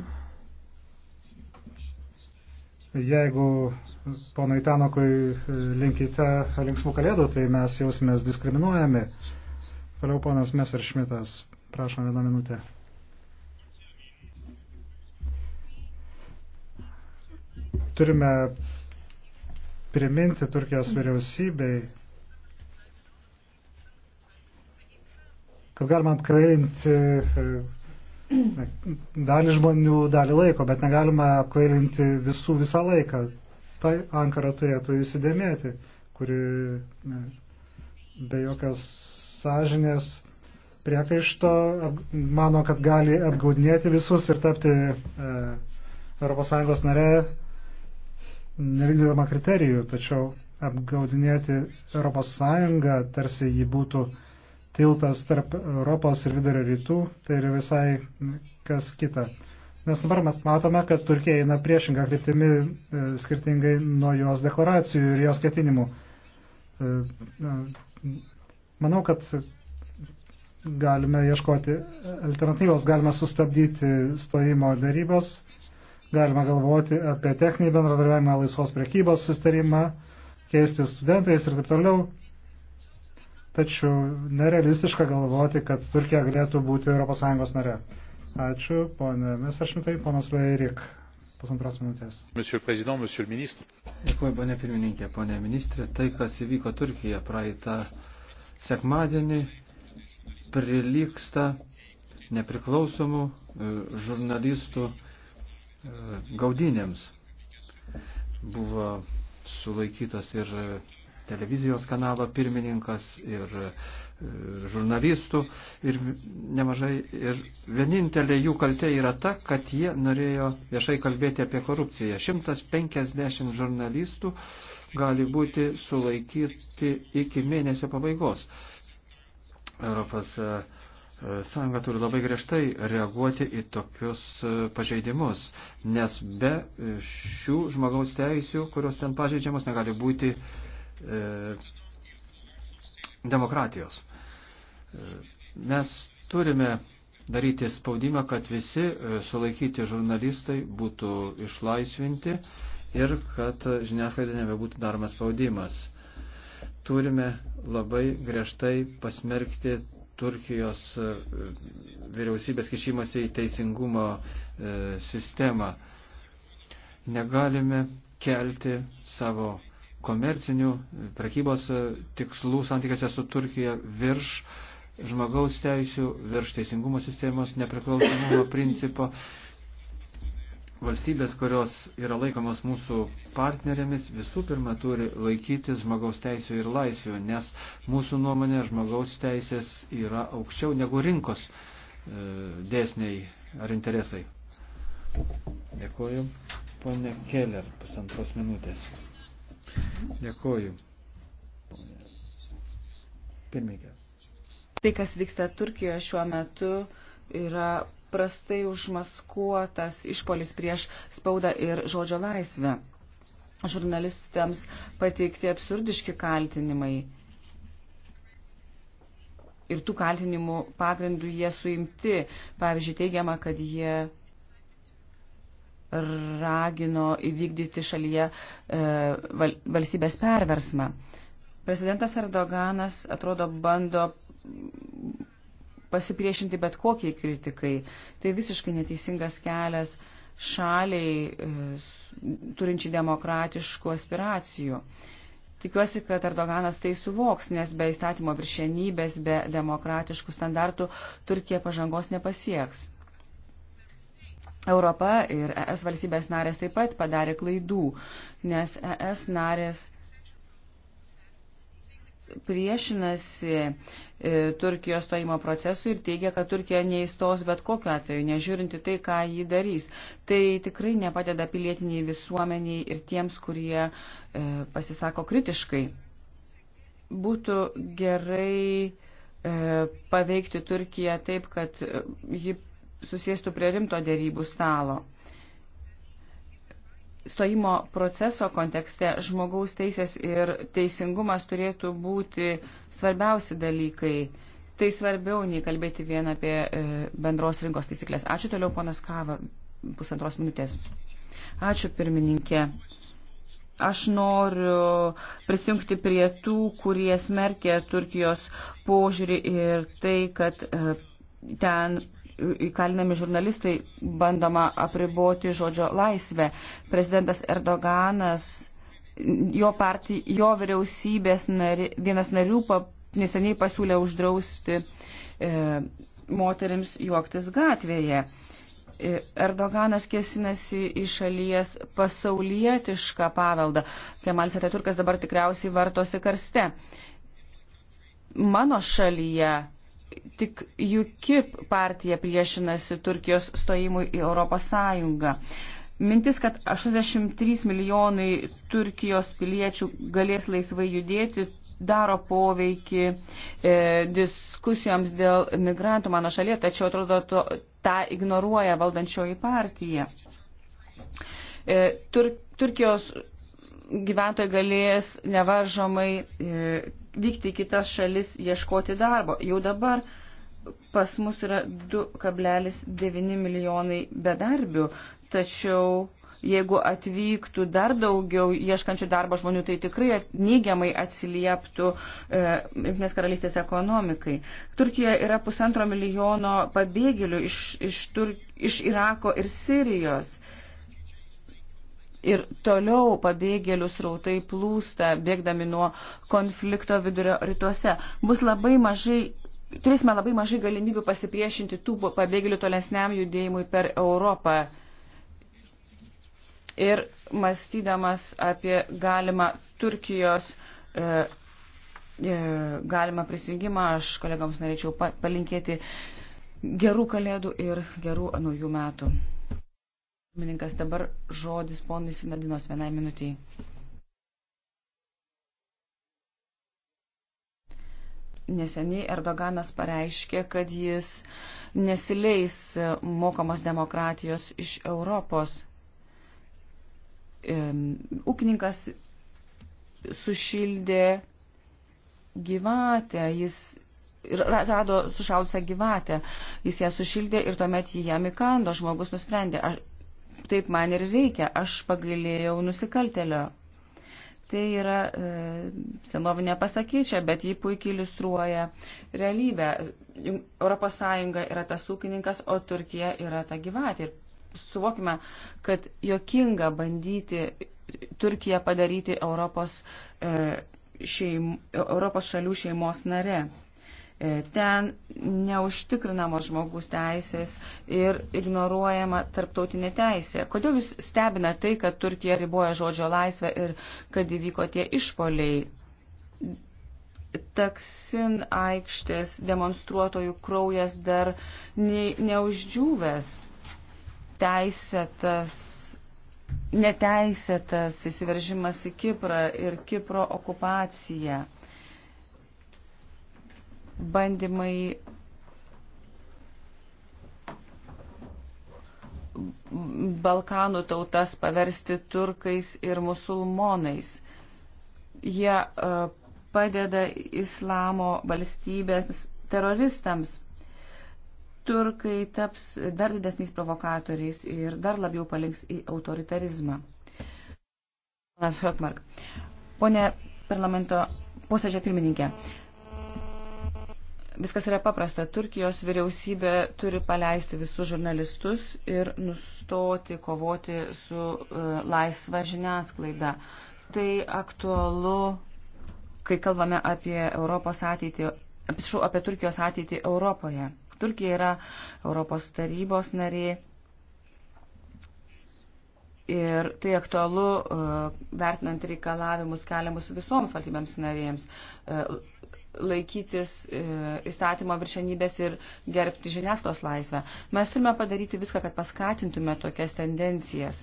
Jeigu ponui Tanokui e, linkite linksmų kalėdų, tai mes jausimės diskriminuojami. Toliau ponas Messerschmittas, prašom vieną minutę. Turime priminti Turkijos vyriausybei, kad galima apkvailinti e, e, dalį žmonių, dalį laiko, bet negalima apkvailinti visų visą laiką. Tai Ankara turėtų įsidėmėti, kuri e, be jokios sąžinės priekaišto mano, kad gali apgaudinėti visus ir tapti ES nare nevykdydama kriterijų, tačiau apgaudinėti ES tarsi jį būtų uh, tiltas tarp Europos ir vidurio rytų, tai yra visai kas kita. Nes dabar mes matome, kad Turkija eina priešingą kryptimį e, skirtingai nuo jos deklaracijų ir jos ketinimų. E, manau, kad galime ieškoti alternatyvos, galime sustabdyti stojimo darybos, galime galvoti apie techninį bendradarbiavimą, laisvos prekybos sustarimą, keisti studentais ir taip toliau tačiau nerealistiška galvoti, kad Turkija galėtų būti ES nare. Ačiū, ponė Mesaršmitai, ponas Leirik. Pusantros minutės. Monsieur Président, Monsieur Ministre. Dėkuoju, ponė pirmininkė, ponė ministrė. Tai, kas įvyko Turkija praeitą sekmadienį, prilyksta nepriklausomų e, žurnalistų e, gaudinėms. Buvo sulaikytas ir televizijos kanalo pirmininkas ir e, žurnalistų ir nemažai. Ir vienintelė jų kaltė yra ta, kad jie norėjo viešai kalbėti apie korupciją. 150 žurnalistų gali būti sulaikyti iki mėnesio pabaigos. Europos e, e, Sąjunga turi labai griežtai reaguoti į tokius pažeidimus, nes be šių žmogaus teisių, kurios ten pažeidžiamos, negali būti uh, E, demokratijos. E, mes turime daryti spaudimą, kad visi e, sulaikyti žurnalistai būtų išlaisvinti ir kad žiniasklaidai nebebūtų daromas spaudimas. Turime labai griežtai pasmerkti Turkijos vyriausybės kišimasi į teisingumo sistemą. Negalime kelti savo komercinių e, prekybos e, tikslų santykiuose su Turkija virš žmogaus teisių, virš teisingumo sistemos nepriklausomumo principo. Valstybės, kurios yra laikomos mūsų partnerėmis, visų pirma turi laikytis žmogaus teisų ir laisvių, nes mūsų nuomonė žmogaus teisės yra aukščiau negu rinkos e, dėsniai ar interesai. Dėkuoju. Pone Keller, pusantros minutės. Dėkoju. Pirmininkė. Tai, kas vyksta Turkijoje šiuo metu, yra prastai užmaskuotas išpolis prieš spaudą ir žodžio laisvę. Žurnalistams pateikti absurdiški kaltinimai. Ir tų kaltinimų pagrindų jie suimti. Pavyzdžiui, teigiama, kad jie ragino įvykdyti šalyje e, valstybės perversmą. Prezidentas Erdoganas atrodo bando pasipriešinti bet kokiai kritikai. Tai visiškai neteisingas kelias šaliai e, turinčiai demokratiškų aspiracijų. Tikiuosi, kad Erdoganas tai suvoks, nes be įstatymo viršienybės, be demokratiškų standartų Turkija pažangos nepasieks. Europa ir ES valstybės narės taip pat padarė klaidų, nes ES narės priešinasi e, Turkijos stojimo procesui ir teigia, kad Turkija neįstos bet kokiu atveju, nežiūrinti tai, ką jį darys. Tai tikrai nepadeda pilietiniai visuomeniai ir tiems, kurie e, pasisako kritiškai. Būtų gerai e, paveikti Turkiją taip, kad e, ji susėstų prie rimto dėrybų stalo. Stojimo proceso kontekste žmogaus teisės ir teisingumas turėtų būti svarbiausi dalykai. Tai svarbiau nei kalbėti vien apie e, bendros rinkos taisyklės. Ačiū toliau, ponas Kava, pusantros minutės. Ačiū pirmininkė aš noriu prisijungti prie tų, kurie smerkė Turkijos požiūrį ir tai, kad e, ten įkalinami žurnalistai, bandoma apriboti žodžio laisvę. Prezidentas Erdoganas, jo, partij, jo vyriausybės nari, vienas narių pa, neseniai pasiūlė uždrausti e, moterims juoktis gatvėje. E, Erdoganas kėsinasi į šalies pasaulietišką paveldą. Kemalis Atatürkas dabar tikriausiai vartosi karste. Mano šalyje tik UKIP partija priešinasi Turkijos stojimui į Europos Sąjungą. Mintis, kad 83 milijonai Turkijos piliečių galės laisvai judėti, daro poveikį e, diskusijoms dėl migrantų mano šalyje, tačiau atrodo, to, tą ignoruoja valdančioji partija. E, tur, Turkijos gyventojai galės nevaržomai e, vykti į kitas šalis ieškoti darbo. Jau dabar pas mus yra 2,9 milijonai bedarbių, tačiau jeigu atvyktų dar daugiau ieškančių darbo žmonių, tai tikrai neigiamai atsilieptų e, Junktinės e, karalystės ekonomikai. Turkijoje yra pusantro milijono pabėgėlių iš, iš, Tur iš Irako ir Sirijos ir toliau pabėgėlių srautai plūsta, bėgdami nuo konflikto vidurio rytuose. Bus labai mažai. Turėsime labai mažai galimybių pasipriešinti tų pabėgėlių tolesniam judėjimui per Europą. Ir mąstydamas apie galimą Turkijos e, e, galimą prisijungimą, aš kolegams norėčiau palinkėti gerų kalėdų ir gerų naujų metų. Mininkas dabar žodis ponui Sinadinos vienai minutiai. Neseniai Erdoganas pareiškė, kad jis nesileis mokamos demokratijos iš Europos. Ūkininkas sušildė gyvatę, jis rado sušalusią gyvatę, jis ją sušildė ir tuomet jį jam įkando, žmogus nusprendė, aš, taip man ir reikia, aš pagailėjau nusikaltelio. Tai yra e, senovinė pasakyčia, bet ji puikiai iliustruoja realybę. Europos Sąjunga yra tas ūkininkas, o Turkija yra ta gyvatė. Ir suvokime, kad jokinga bandyti Turkiją padaryti Europos, e, šeim, Europos šalių šeimos nare. E, ten neužtikrinamos žmogus teisės ir ignoruojama tarptautinė teisė. Kodėl jūs stebina tai, kad Turkija riboja žodžio laisvę ir kad įvyko tie išpoliai? Taksin aikštės demonstruotojų kraujas dar ne, neuždžiūvęs. Teisėtas neteisėtas įsiveržimas į Kiprą ir Kipro okupacija bandymai Balkanų tautas paversti turkais ir musulmonais. Jie e, padeda islamo valstybės teroristams. Turkai taps dar didesniais provokatoriais ir dar labiau palinks į autoritarizmą. Ponas Hökmark, ponė parlamento posėdžio pirmininkė, Viskas yra paprasta. Turkijos vyriausybė turi paleisti visus žurnalistus ir nustoti kovoti su uh, laisva žiniasklaida. Tai aktualu, kai kalbame apie Europos ateitį, apišau, apie Turkijos ateitį Europoje. Turkija yra Europos tarybos narė ir tai aktualu uh, vertinant reikalavimus keliamus visoms valstybėms narėms. Uh, laikytis e, įstatymo viršenybės ir gerbti žiniasklaidos laisvę. Mes turime padaryti viską, kad paskatintume tokias tendencijas,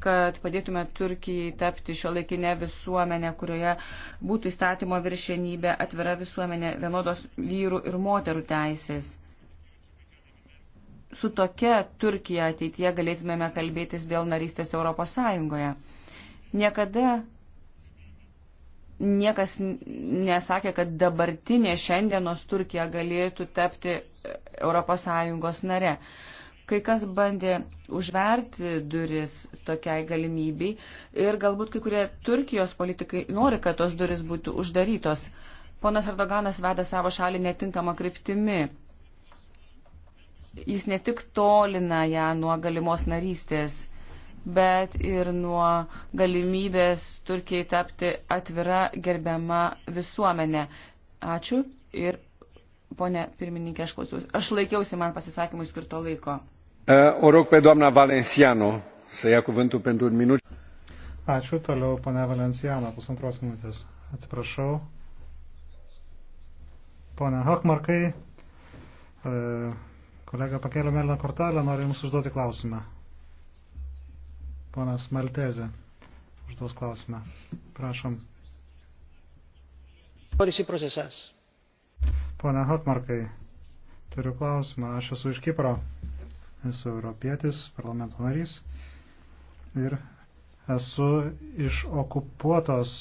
kad padėtume Turkijai tapti šio laikinę visuomenę, kurioje būtų įstatymo viršenybė, atvira visuomenė, vienodos vyrų ir moterų teisės. Su tokia Turkija ateityje galėtumėme kalbėtis dėl narystės Europos Sąjungoje. Niekada niekas nesakė, kad dabartinė šiandienos Turkija galėtų tapti ES nare. Kai kas bandė užverti duris tokiai galimybei ir galbūt kai kurie Turkijos politikai nori, kad tos duris būtų uždarytos. Ponas Erdoganas veda savo šalį netinkamą kryptimi. Jis ne tik tolina ją nuo galimos narystės bet ir nuo galimybės Turkijai tapti atvira gerbiama visuomenė. Ačiū ir, ponė pirmininkė, aš klausiausi. Aš laikiausi man pasisakymui skirto laiko. E, o rog pe doamna Valenciano să ia cuvântul pentru un minut. Ačiū, toliau ponė Valenciano, pusantros minutės. Atsiprašau. Pone Hokmarkai, e, kolega pakėlė mėlyną kortelę, noriu Jums užduoti klausimą. Ponas Maltezė užduos klausimą. Prašom. Pone Hotmarkai, turiu klausimą. Aš esu iš Kipro, esu europietis, parlamento narys ir esu iš okupuotos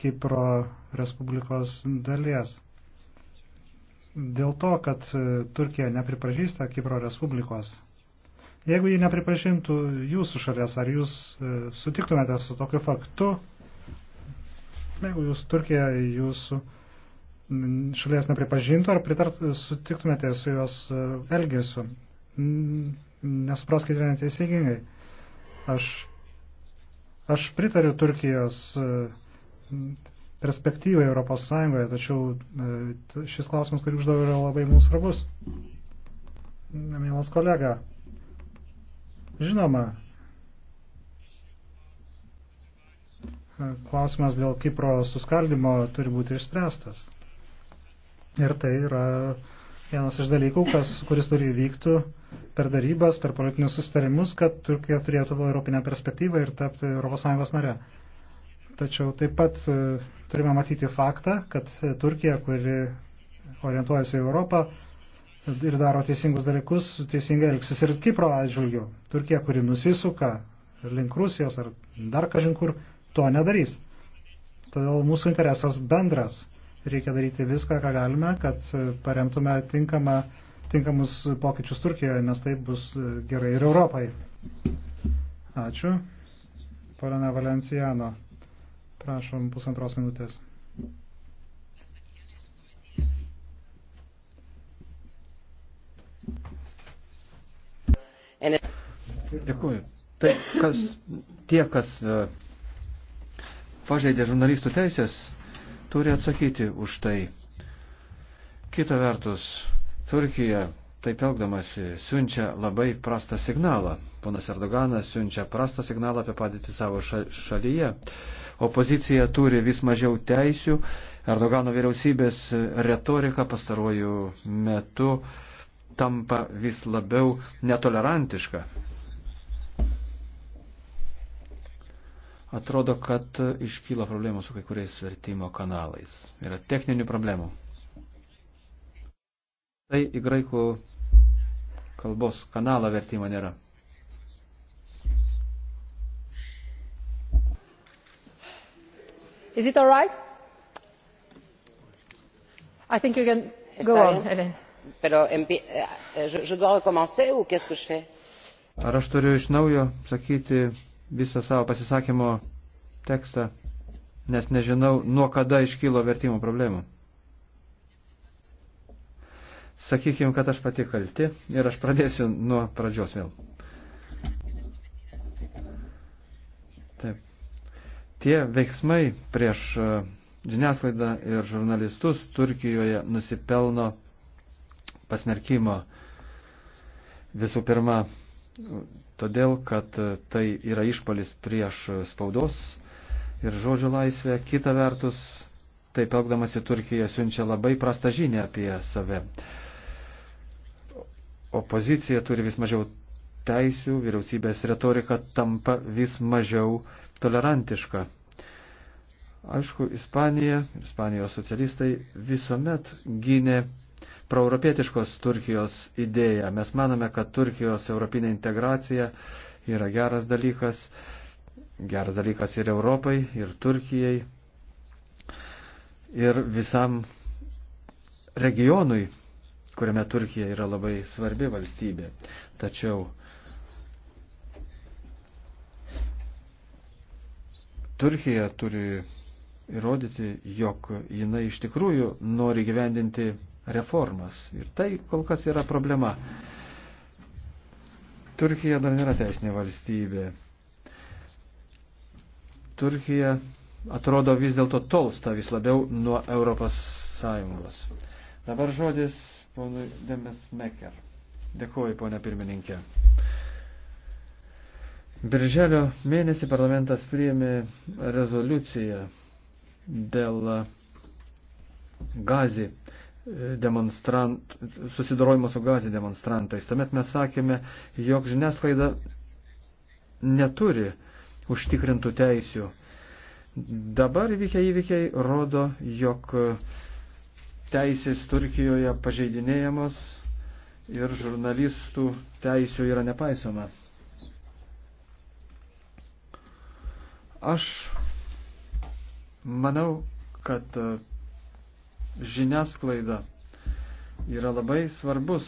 Kipro Respublikos dalies. Dėl to, kad Turkija nepripažįsta Kipro Respublikos, Jeigu jį nepripažintų jūsų šalies, ar jūs e, sutiktumėte su tokiu faktu, jeigu jūs Turkija jūsų šalies nepripažintų, ar pritart, sutiktumėte su jos e, elgesiu? Nesupraskite neteisingai. Aš, aš pritariu Turkijos e, perspektyvai Europos Sąjungoje, tačiau šis klausimas, kurį uždavau, yra labai mums svarbus. Mielas kolega, Žinoma, klausimas dėl Kipro suskaldimo turi būti išspręstas. Ir tai yra vienas iš dalykų, kas, kuris turi vykti per darybas, per politinius sustarimus, kad Turkija turėtų europinę perspektyvą ir tapti ES nare. Tačiau taip pat e, turime matyti faktą, kad Turkija, kuri orientuojasi į Europą, ir daro teisingus dalykus, teisingai elgsis ir Kipro atžvilgiu. Turkija, kuri nusisuka link Rusijos ar dar kažkur, to nedarys. Todėl mūsų interesas bendras. Reikia daryti viską, ką galime, kad paremtume tinkamą, tinkamus pokyčius Turkijoje, nes tai bus gerai ir Europai. Ačiū. Polena Valenciano. Prašom pusantros minutės. Dėkuoju. Tai kas, tie, kas e, pažeidė žurnalistų teisės, turi atsakyti už tai. Kita vertus, Turkija taip elgdamasi siunčia labai prastą signalą. Ponas Erdoganas siunčia prastą signalą apie padėtį savo šalyje. Opozicija turi vis mažiau teisių. Erdogano vyriausybės retorika pastaruoju metu uh, tampa vis labiau netolerantiška. Atrodo, kad iškyla problemų su kai kuriais vertimo kanalais. Yra techninių problemų. Tai į graikų kalbos kanalą vertimo nėra. Is it all right? I think you can go on, Helen pero eh, eh, je dois recommencer ou qu'est-ce que je fais? Ar aš turiu iš naujo sakyti visą savo pasisakymo tekstą, nes nežinau, nuo kada iškylo vertimo problemų. Sakykime, kad aš pati kalti ir aš pradėsiu nuo pradžios vėl. Taip. Tie veiksmai prieš e, žiniasklaidą ir žurnalistus Turkijoje nusipelno pasmerkimo. Visų pirma, todėl, kad tai yra išpalis prieš spaudos ir žodžio laisvę. Kita vertus, taip elgdamasi Turkija siunčia labai prastą žinę apie save. Opozicija turi vis mažiau teisių, vyriausybės retorika tampa vis mažiau tolerantiška. Aišku, Ispanija, Ispanijos socialistai visuomet gynė proeuropietiškos Turkijos idėją. Mes manome, kad Turkijos europinė integracija yra geras dalykas, geras dalykas ir Europai, ir Turkijai, ir visam regionui, kuriame Turkija yra labai svarbi valstybė. Tačiau Turkija turi įrodyti, jog jinai iš tikrųjų nori gyvendinti reformas. Ir tai kol kas yra problema. Turkija dar nėra teisinė valstybė. Turkija atrodo vis dėlto tolsta vis labiau nuo Europos Sąjungos. Dabar žodis ponui Demes Meker. Dėkuoju, ponia pirmininkė. Birželio mėnesį parlamentas priėmė rezoliuciją dėl gazi susidorojimo su gazė demonstrantais. Tuomet mes sakėme, jog žiniasklaida neturi užtikrintų teisių. Dabar įvykę įvykiai rodo, jog teisės Turkijoje pažeidinėjamos ir žurnalistų teisių yra nepaisoma. Aš manau, kad žiniasklaida yra labai svarbus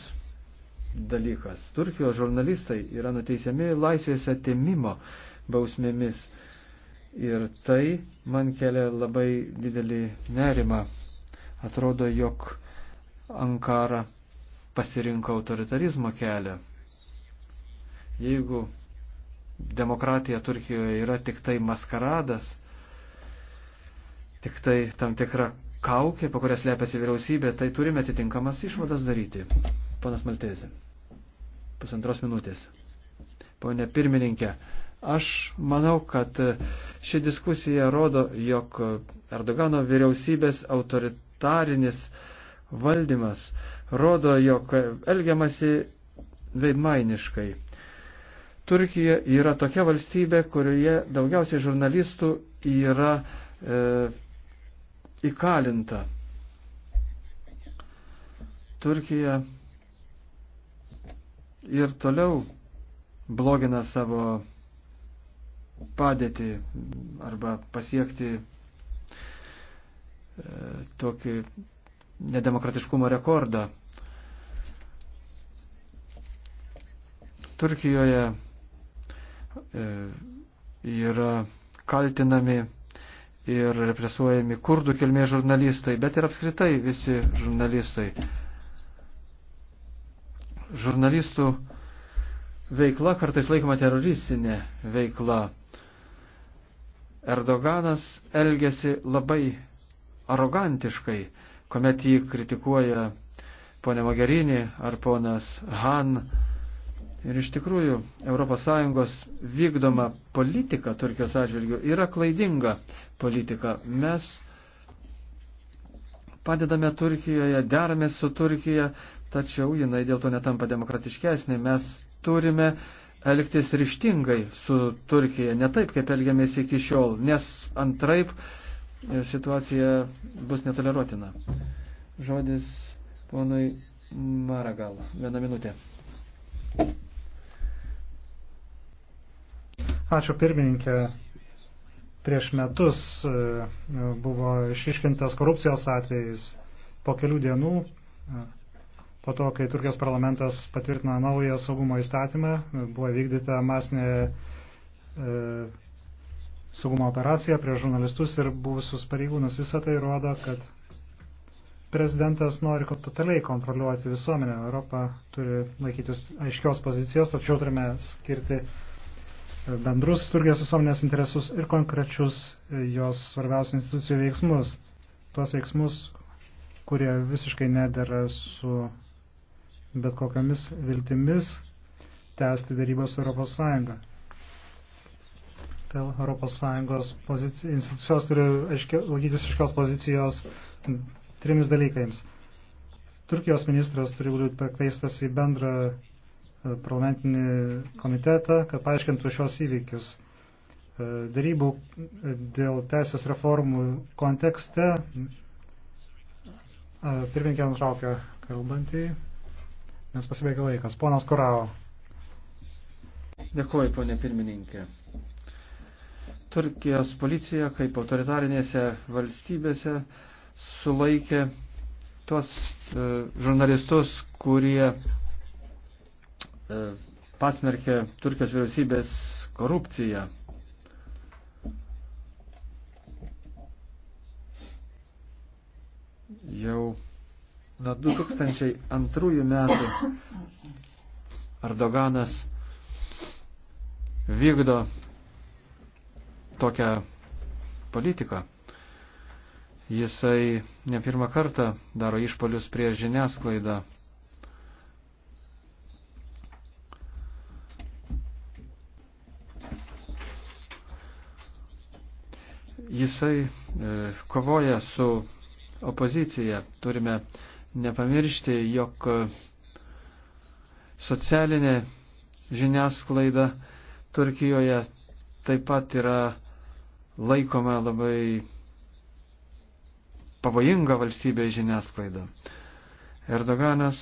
dalykas. Turkijos žurnalistai yra nuteisiami laisvės atėmimo bausmėmis. Ir tai man kelia labai didelį nerimą. Atrodo, jog Ankara pasirinko autoritarizmo kelią. Jeigu demokratija Turkijoje yra tik tai maskaradas, tik tai tam tikra kaukė, po kurias lėpėsi vyriausybė, tai turime atitinkamas išvadas daryti. Panas Maltezė, pusantros minutės. Pone pirmininkė, aš manau, kad ši diskusija rodo, jog Erdogano vyriausybės autoritarinis valdymas rodo, jog elgiamasi veidmainiškai. Turkija yra tokia valstybė, kurioje daugiausiai žurnalistų yra e, įkalinta. Turkija ir toliau blogina savo padėtį arba pasiekti e, tokį nedemokratiškumo rekordą. Turkijoje e, yra kaltinami ir represuojami kurdų kilmės žurnalistai, bet ir apskritai visi žurnalistai. Žurnalistų veikla kartais laikoma teroristinė veikla. Erdoganas elgesi labai arogantiškai, kuomet jį kritikuoja ponė Mogherini ar ponas Han Ir iš tikrųjų ES vykdoma politika Turkijos atžvilgių yra klaidinga politika. Mes padedame Turkijoje, deramės su Turkija, tačiau jinai dėl to netampa demokratiškesnė. Mes turime elgtis ryštingai su Turkija, ne taip, kaip elgiamės iki šiol, nes antraip situacija bus netoleruotina. Žodis ponui Maragal. Viena minutė. Thank you. Ačiū pirmininkė. Prieš metus e, buvo išiškintas korupcijos atvejais. Po kelių dienų, e, po to, kai Turkijos parlamentas patvirtino naują saugumo įstatymą, e, buvo vykdyta masinė saugumo operacija prieš žurnalistus ir buvusius pareigūnus. Visą tai rodo, kad prezidentas nori totaliai kontroliuoti visuomenę. Europa turi laikytis aiškios pozicijos, tačiau turime skirti bendrus Turkijos visuomenės interesus ir konkrečius jos svarbiausių institucijų veiksmus. Tuos veiksmus, kurie visiškai nedėra su bet kokiamis viltimis tęsti darybos su Europos Sąjunga. Dėl Europos Sąjungos pozicijos, institucijos turi aiškia, laikytis iškios pozicijos trimis dalykais. Turkijos ministras turi būti pakveistas į bendrą parlamentinį komitetą, kad paaiškintų šios įvykius. E, darybų e, dėl teisės reformų kontekste e, pirmininkė nutraukė kalbantį, nes pasibaigė laikas. Ponas Korao. Dėkuoju, ponė pirmininkė. Turkijos policija kaip autoritarinėse valstybėse sulaikė tuos e, žurnalistus, kurie E, pasmerkė Turkijos vyriausybės korupciją. Jau nuo 2002 metų Erdoganas vykdo tokią politiką. Jisai ne pirmą kartą daro išpolius prieš žiniasklaidą jisai e, kovoja su opozicija. Turime nepamiršti, jog e, socialinė žiniasklaida Turkijoje taip pat yra laikoma labai pavojinga valstybė žiniasklaida. Erdoganas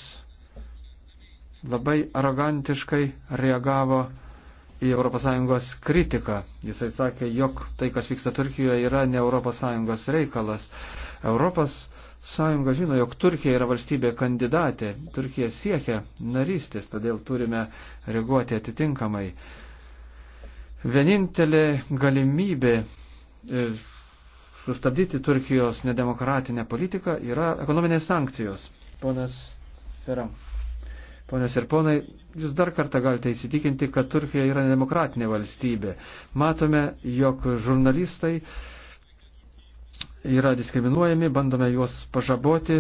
labai arogantiškai reagavo į ES kritiką. Jisai sakė, jog tai, kas vyksta Turkijoje, yra ne ES reikalas. ES žino, jog Turkija yra valstybė kandidatė. Turkija siekia narystės, todėl turime reaguoti atitinkamai. Vienintelė galimybė e, sustabdyti Turkijos nedemokratinę politiką yra ekonominės sankcijos. Ponas Feram. Ponios ir ponai, jūs dar kartą galite įsitikinti, kad Turkija yra demokratinė valstybė. Matome, jog žurnalistai yra diskriminuojami, bandome juos pažaboti.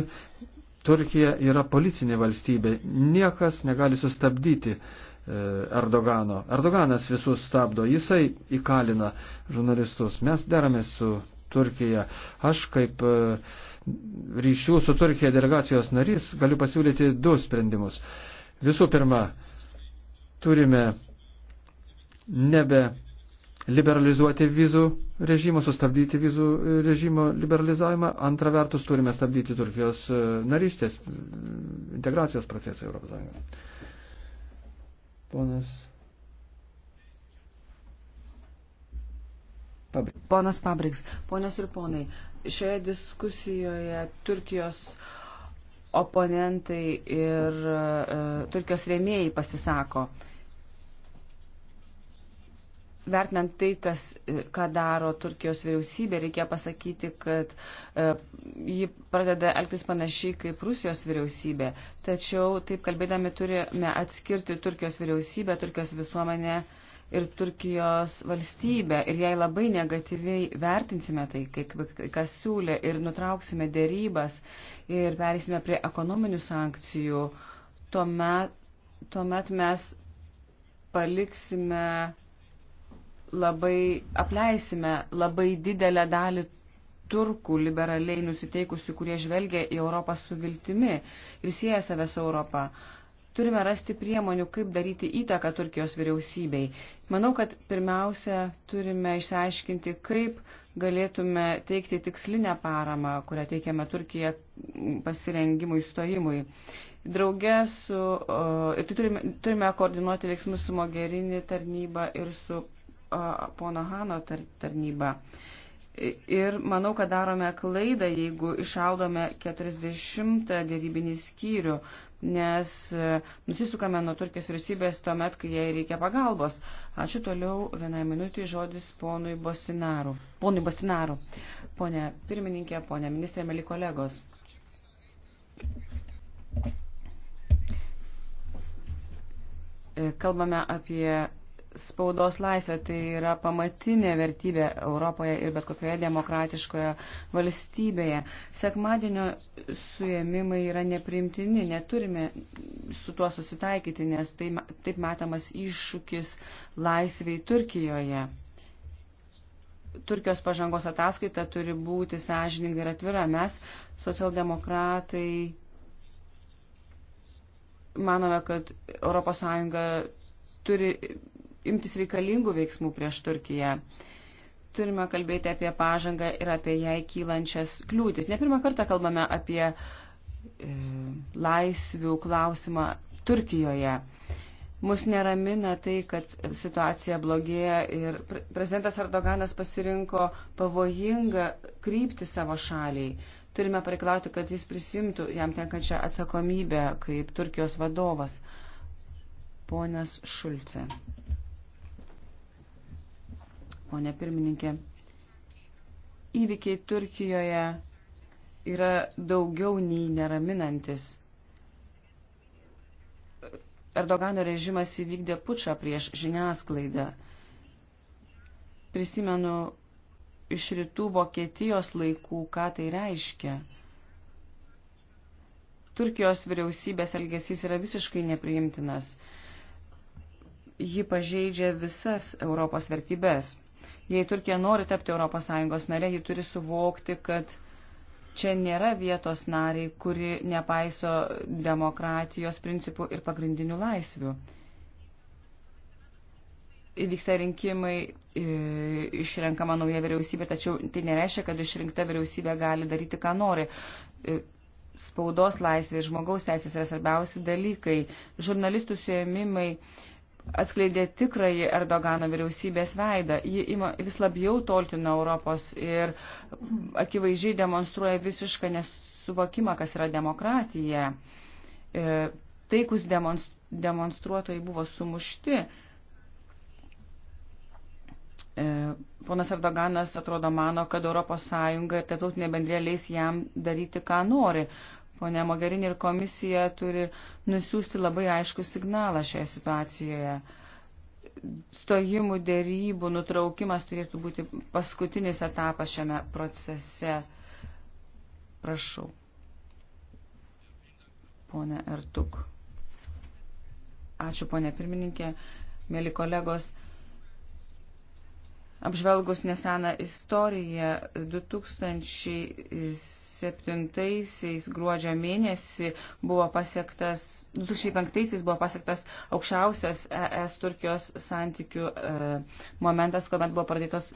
Turkija yra policinė valstybė. Niekas negali sustabdyti e, Erdogano. Erdoganas visus stabdo, jisai įkalina žurnalistus. Mes deramės su Turkija. Aš kaip e, ryšių su Turkija delegacijos narys galiu pasiūlyti du sprendimus. Visų pirma, turime nebe liberalizuoti vizų režimo, sustabdyti vizų režimo liberalizavimą. Antra vertus, turime stabdyti Turkijos e, narystės, e, integracijos procesą Europos Sąjungoje. Ponas. Pabriks. Ponas Pabriks, ponios ir ponai, šioje diskusijoje Turkijos uh, oponentai ir e, Turkijos rėmėjai pasisako. Vertinant tai, kas, e, ką daro Turkijos vyriausybė, reikia pasakyti, kad e, ji pradeda elgtis panašiai kaip Rusijos vyriausybė. Tačiau, taip kalbėdami, turime atskirti Turkijos vyriausybę, Turkijos visuomenę ir Turkijos valstybę ir jei labai negatyviai vertinsime tai, kaip kas siūlė, ir nutrauksime dėrybas ir perėsime prie ekonominių sankcijų, tuomet, tuomet mes paliksime labai, apleisime labai didelę dalį turkų liberaliai nusiteikusių, kurie žvelgia į Europą su viltimi ir sieja save su Europą. Uh, Turime rasti priemonių, kaip daryti įtaką Turkijos vyriausybei. Manau, kad pirmiausia turime išsiaiškinti, kaip galėtume teikti tikslinę paramą, kurią teikiame Turkija pasirengimui stojimui. Drauge su, ir tai turime, turime koordinuoti veiksmus su Mogerini tarnyba ir su pono Hano tar, tarnyba. Uh, Ir manau, kad darome klaidą, jeigu išaudome 40 dėrybinį skyrių, nes e, nusisukame nuo Turkijos vyriausybės tuomet, kai jai reikia pagalbos. Ačiū toliau vienai minutį žodis ponui Bosinaru. Ponui Bosinaru. Pone pirmininkė, pone ministrė, meli kolegos. E, kalbame apie spaudos laisvė tai yra pamatinė vertybė Europoje ir bet kokioje demokratiškoje valstybėje. Sekmadienio suėmimai yra neprimtini, neturime su tuo susitaikyti, nes tai, taip metamas iššūkis laisviai Turkijoje. Turkijos pažangos ataskaita turi būti sąžininga ir atvira. Mes, socialdemokratai, manome, kad ES turi imtis reikalingų veiksmų prieš Turkiją. Turime kalbėti apie pažangą ir apie jai kylančias kliūtis. Ne pirmą kartą kalbame apie e, laisvių klausimą Turkijoje. Mus neramina tai, kad situacija blogėja ir prezidentas Erdoganas pasirinko pavojingą krypti savo šaliai. Turime pareiklauti, kad jis prisimtų jam tenkančią atsakomybę kaip Turkijos vadovas. Ponas Šulce ponė pirmininkė. Įvykiai Turkijoje yra daugiau nei neraminantis. Erdogano režimas įvykdė pučą prieš žiniasklaidą. Prisimenu iš rytų Vokietijos laikų, ką tai reiškia. Turkijos vyriausybės elgesys yra visiškai nepriimtinas. Ji pažeidžia visas Europos vertybės. Jei Turkija nori tapti ES nare, ji turi suvokti, kad čia nėra vietos nariai, kuri nepaiso demokratijos principų ir pagrindinių laisvių. Įvyksta rinkimai, išrenkama nauja vyriausybė, tačiau tai nereiškia, kad išrinkta vyriausybė gali daryti, ką nori spaudos laisvė ir žmogaus teisės yra svarbiausi dalykai. Žurnalistų suėmimai, atskleidė tikrąjį Erdogano vyriausybės veidą. Ji ima, vis labiau toltina Europos ir akivaizdžiai demonstruoja visišką nesuvokimą, kas yra demokratija. E, taikus demonstruotojai buvo sumušti. E, ponas Erdoganas atrodo mano, kad ES ir tarptautinė bendrė leis jam daryti, ką nori. E, Pone Mogarinė ir komisija turi nusiųsti labai aišku signalą šioje situacijoje. Stojimų dėrybų nutraukimas turėtų būti paskutinis etapas šiame procese. Prašau. Pone Artuk. Ačiū, ponė pirmininkė, mėly kolegos. Apžvelgus neseną istoriją, 2007 gruodžio mėnesį buvo pasiektas, 2005 buvo pasiektas aukščiausias ES Turkijos santykių e, momentas, kuomet buvo pradėtos e,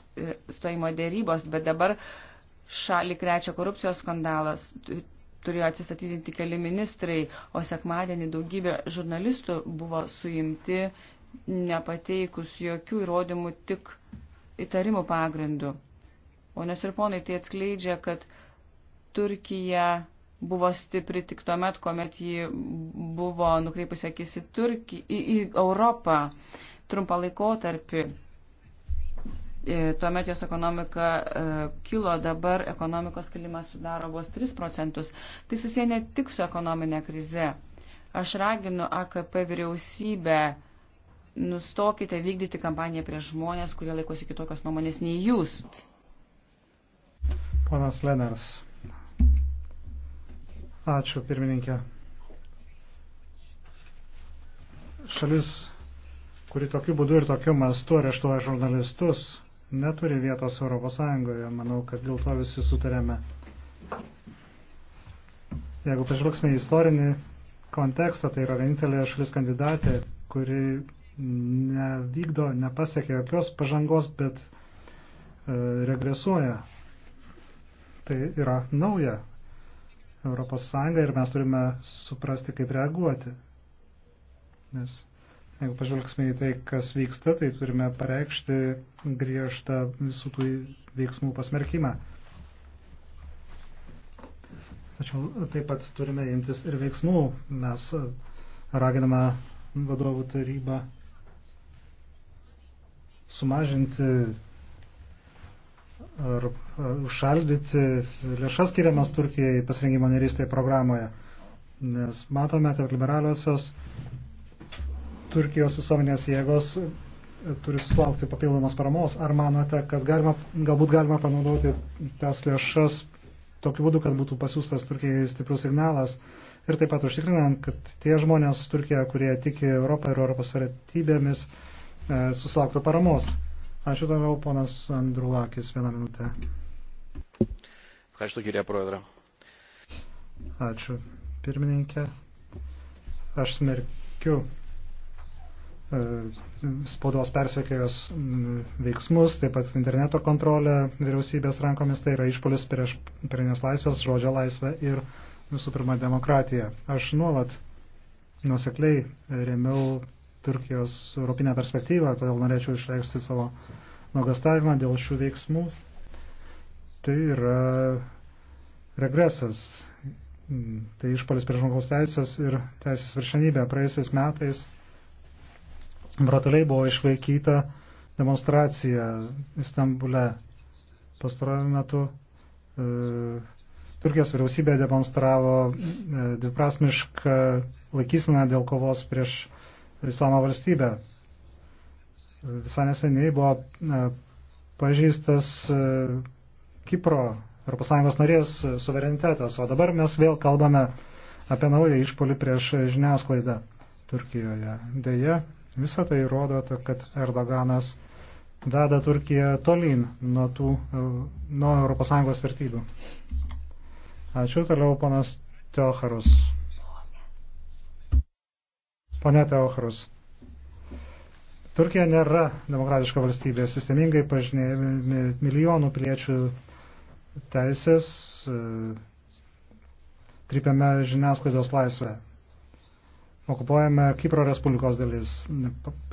stojimo dėrybos, bet dabar šalį krečia korupcijos skandalas, turėjo atsistatydinti keli ministrai, o sekmadienį daugybė žurnalistų buvo suimti, nepateikus jokių įrodymų tik įtarimų pagrindu. O nes ir ponai tai atskleidžia, kad Turkija buvo stipri tik tuo met, kuomet ji buvo nukreipusi akis į, Turki, į, į Europą trumpą laikotarpį. E, tuomet jos ekonomika e, kilo, dabar ekonomikos kilimas sudaro vos 3 procentus. Tai susiję ne tik su ekonominė krize. Aš raginu AKP vyriausybę nustokite vykdyti kampaniją prieš žmonės, kurie laikosi kitokios nuomonės nei jūs. Ponas Lenars. Ačiū, pirmininkė. Šalis, kuri tokiu būdu ir tokiu mastu areštuoja žurnalistus, neturi vietos Europos Sąjungoje. Manau, kad dėl to visi sutarėme. Jeigu pažvelgsime į istorinį kontekstą, tai yra vienintelė šalis kandidatė, kuri nevykdo, nepasiekia jokios pažangos, bet e, regresuoja. Tai yra nauja Europos Sąjunga ir mes turime suprasti, kaip reaguoti. Nes jeigu pažvelgsime į tai, kas vyksta, tai turime pareikšti griežtą visų tų veiksmų pasmerkimą. Tačiau taip pat turime imtis ir veiksmų. Mes raginame vadovų tarybą sumažinti ar užšaldyti lėšas skiriamas Turkijai pasirengimo narystėje programoje. Nes matome, kad liberaliosios Turkijos visuomenės jėgos turi susilaukti papildomas paramos. Ar manote, kad galima, galbūt galima panaudoti tas lėšas tokiu būdu, kad būtų pasiūstas Turkijai stiprus signalas ir taip pat užtikrinant, kad tie žmonės Turkijoje, kurie tiki Europą ir Europos vertybėmis, E, susilauktų paramos. Ačiū toliau, ponas Andrulakis, vieną minutę. Ačiū, kirie proedra. Ačiū, pirmininkė. Aš smerkiu e, spaudos persveikėjos veiksmus, taip pat interneto kontrolę vyriausybės rankomis, tai yra išpolis prieš prinės laisvės, žodžio laisvę ir visų pirma demokratiją. Aš nuolat nusekliai remiau Turkijos europinę perspektyvą, todėl norėčiau išreikšti savo nuogastavimą dėl šių veiksmų. Tai yra regresas, tai išpolis prieš žmogaus teisės ir teisės viršenybę. Praėjusiais metais brutaliai buvo išvaikyta demonstracija Istambule. Pastarojame metu e, Turkijos vyriausybė demonstravo e, dviprasmišką laikyseną dėl kovos prieš islamo valstybę. Visai neseniai buvo e, pažįstas e, Kipro ES narės e, suverenitetas, o dabar mes vėl kalbame apie naują išpolį prieš žiniasklaidą Turkijoje. Deja, visą tai rodo, kad Erdoganas veda Turkiją tolyn nuo, tų, nuo ES vertybių. Ačiū toliau, panas Teocharus. Pone Teohrus, Turkija nėra demokratiška valstybė. Sistemingai pažinėjami milijonų piliečių teisės, e, trypiame žiniasklaidos laisvę. Okupuojame Kipro Respublikos dalis.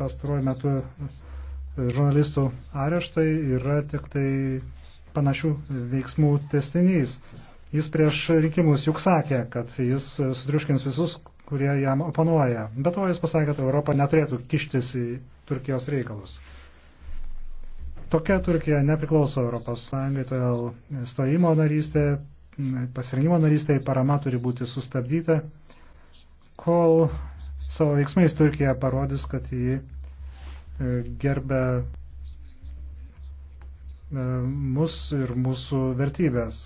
Pastaruoju metu e, žurnalistų areštai yra tik tai panašių veiksmų testinys. Jis prieš rinkimus juk sakė, kad jis e, sutriuškins visus, kurie jam oponuoja. Bet to jis pasakė, kad Europa neturėtų kištis į Turkijos reikalus. Tokia Turkija nepriklauso Europos Sąjungai, todėl stojimo narystė, pasirinkimo narystė į parama turi būti sustabdyta, kol savo veiksmais Turkija parodys, kad ji e, gerbia e, mus ir mūsų vertybės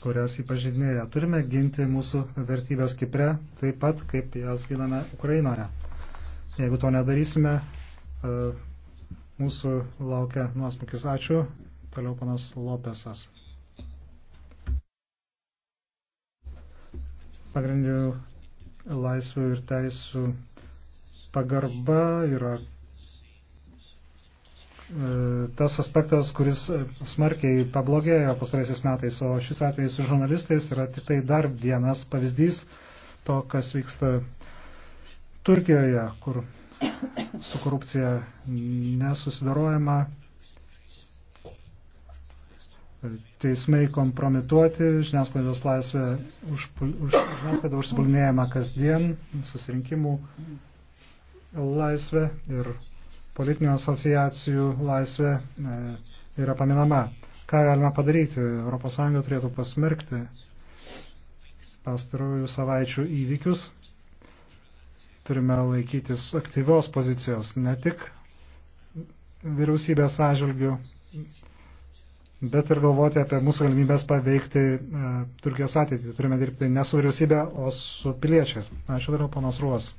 kurias įpažydinėja. Turime ginti mūsų vertybės Kipre taip pat, kaip jas giname Ukrainoje. Jeigu to nedarysime, e, mūsų laukia nuosmukis. Ačiū. Toliau panas Lopesas. Pagrindinių laisvių ir teisų pagarba yra E, tas aspektas, kuris e, smarkiai pablogėjo pastaraisiais metais, o šis atvejis su žurnalistais yra tik tai dar vienas pavyzdys to, kas vyksta Turkijoje, kur su korupcija nesusidarojama, teismai kompromituoti, žiniasklaidos laisvė už, už, žiniasklaida užsipulinėjama kasdien, susirinkimų laisvė ir politinių asociacijų laisvė e, yra paminama. Ką galima padaryti? ES turėtų pasmerkti pastarųjų savaičių įvykius. Turime laikytis aktyvios pozicijos, ne tik vyriausybės atžvilgių, bet ir galvoti apie mūsų galimybės paveikti e, Turkijos ateitį. Turime dirbti ne su vyriausybė, o su piliečiais. Ačiū dar, panas Ruos.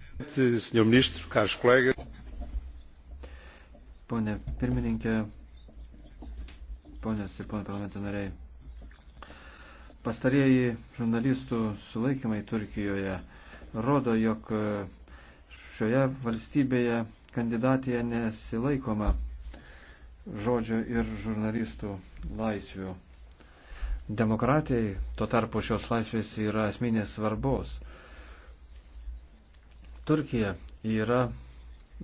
Pone pirmininkė, ponės ir ponai parlamento nariai, pastarieji žurnalistų sulaikymai Turkijoje rodo, jog šioje valstybėje kandidatėje nesilaikoma žodžio ir žurnalistų laisvių. Demokratijai tuo tarpu šios laisvės yra asmenės svarbos. Turkija yra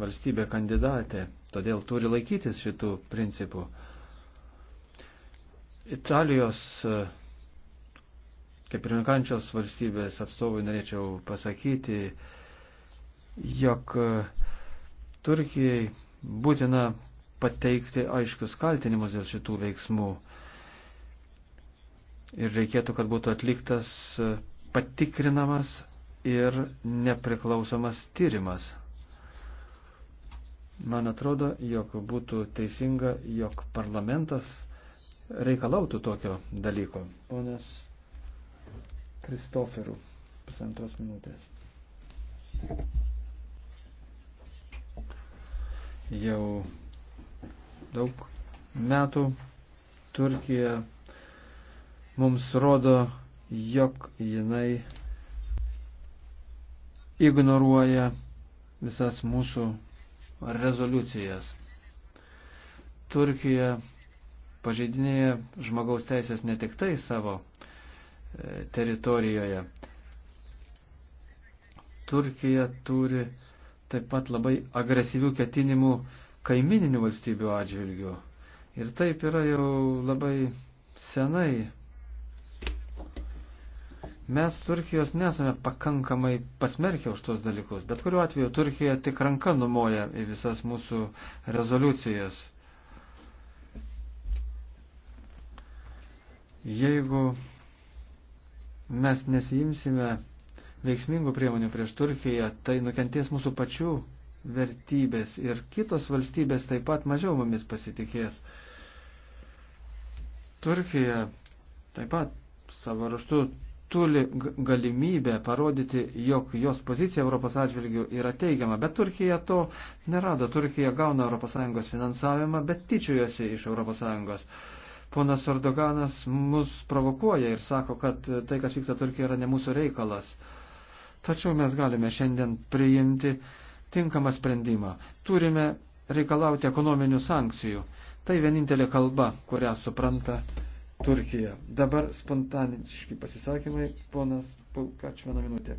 valstybė kandidatė todėl turi laikytis šitų principų. Italijos e, kaip pirmininkančios valstybės atstovui norėčiau pasakyti, jog e, Turkijai būtina pateikti aiškius kaltinimus dėl šitų veiksmų. Ir reikėtų, kad būtų atliktas e, patikrinamas ir nepriklausomas tyrimas. Man atrodo, jog būtų teisinga, jog parlamentas reikalautų tokio dalyko. Ponas Kristoferų, pusantros minutės. Jau daug metų Turkija mums rodo, jog jinai ignoruoja visas mūsų rezoliucijas. Turkija pažeidinėja žmogaus teisės ne tik tai savo e, teritorijoje. Turkija turi taip pat labai agresyvių ketinimų kaimininių valstybių atžvilgių. Ir taip yra jau labai senai Mes Turkijos nesame pakankamai pasmerkę už tos dalykus, bet kuriuo atveju Turkija tik ranka numoja į visas mūsų rezoliucijas. Jeigu mes nesijimsime veiksmingų priemonių prieš Turkiją, tai nukentės mūsų pačių vertybės ir kitos valstybės taip pat mažiau mumis pasitikės. Turkija taip pat savo raštu turi galimybę parodyti, jog jos pozicija Europos atžvilgių yra teigiama, bet Turkija to nerado. Turkija gauna ES finansavimą, bet tyčiojasi iš ES. Ponas Erdoganas mus provokuoja ir sako, kad tai, kas vyksta Turkija, yra ne mūsų reikalas. Tačiau mes galime šiandien priimti tinkamą sprendimą. Turime reikalauti ekonominių sankcijų. Tai vienintelė kalba, kurią supranta Turkija. Dabar spontaniški pasisakymai. Ponas Pulkač, vieną minutę.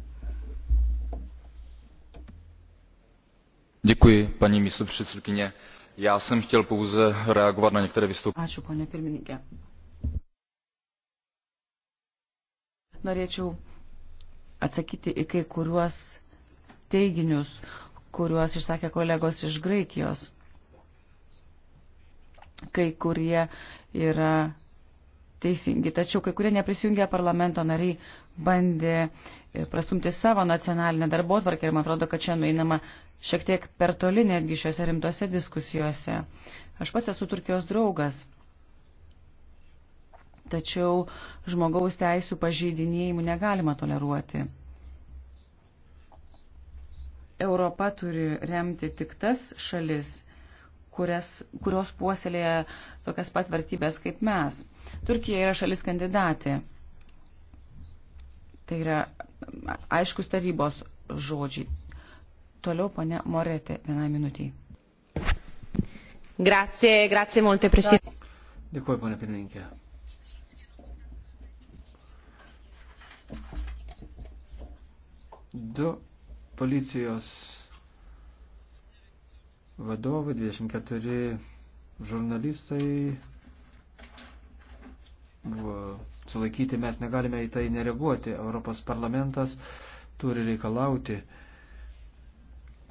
Děkuji, paní místopředsedkyně. Já jsem chtěl pouze reagovat na některé vystoupení. Ačiū, ponė pirmininkė. Norėčiau atsakyti į kai kuriuos teiginius, kuriuos išsakė kolegos iš Graikijos. Kai kurie yra teisingi. Tačiau kai kurie neprisijungę parlamento nariai bandė e, prastumti savo nacionalinę darbo tvarkę ir man atrodo, kad čia nueinama šiek tiek per toli netgi šiuose rimtose diskusijose. Aš pats esu Turkijos draugas. Tačiau žmogaus teisų pažeidinėjimų negalima toleruoti. Europa turi remti tik tas šalis, kurias, kurios puoselėja tokias pat vertybės kaip mes. Turkija yra šalis kandidatė. Tai yra aiškus tarybos žodžiai. Toliau ponia Moretė, vienai minutiai. Grazie, grazie molte, presidente. Dėkuoju, ponia pirmininkė. Du policijos vadovų, 24 žurnalistai buvo sulaikyti, mes negalime į tai nereaguoti. Europos parlamentas turi reikalauti,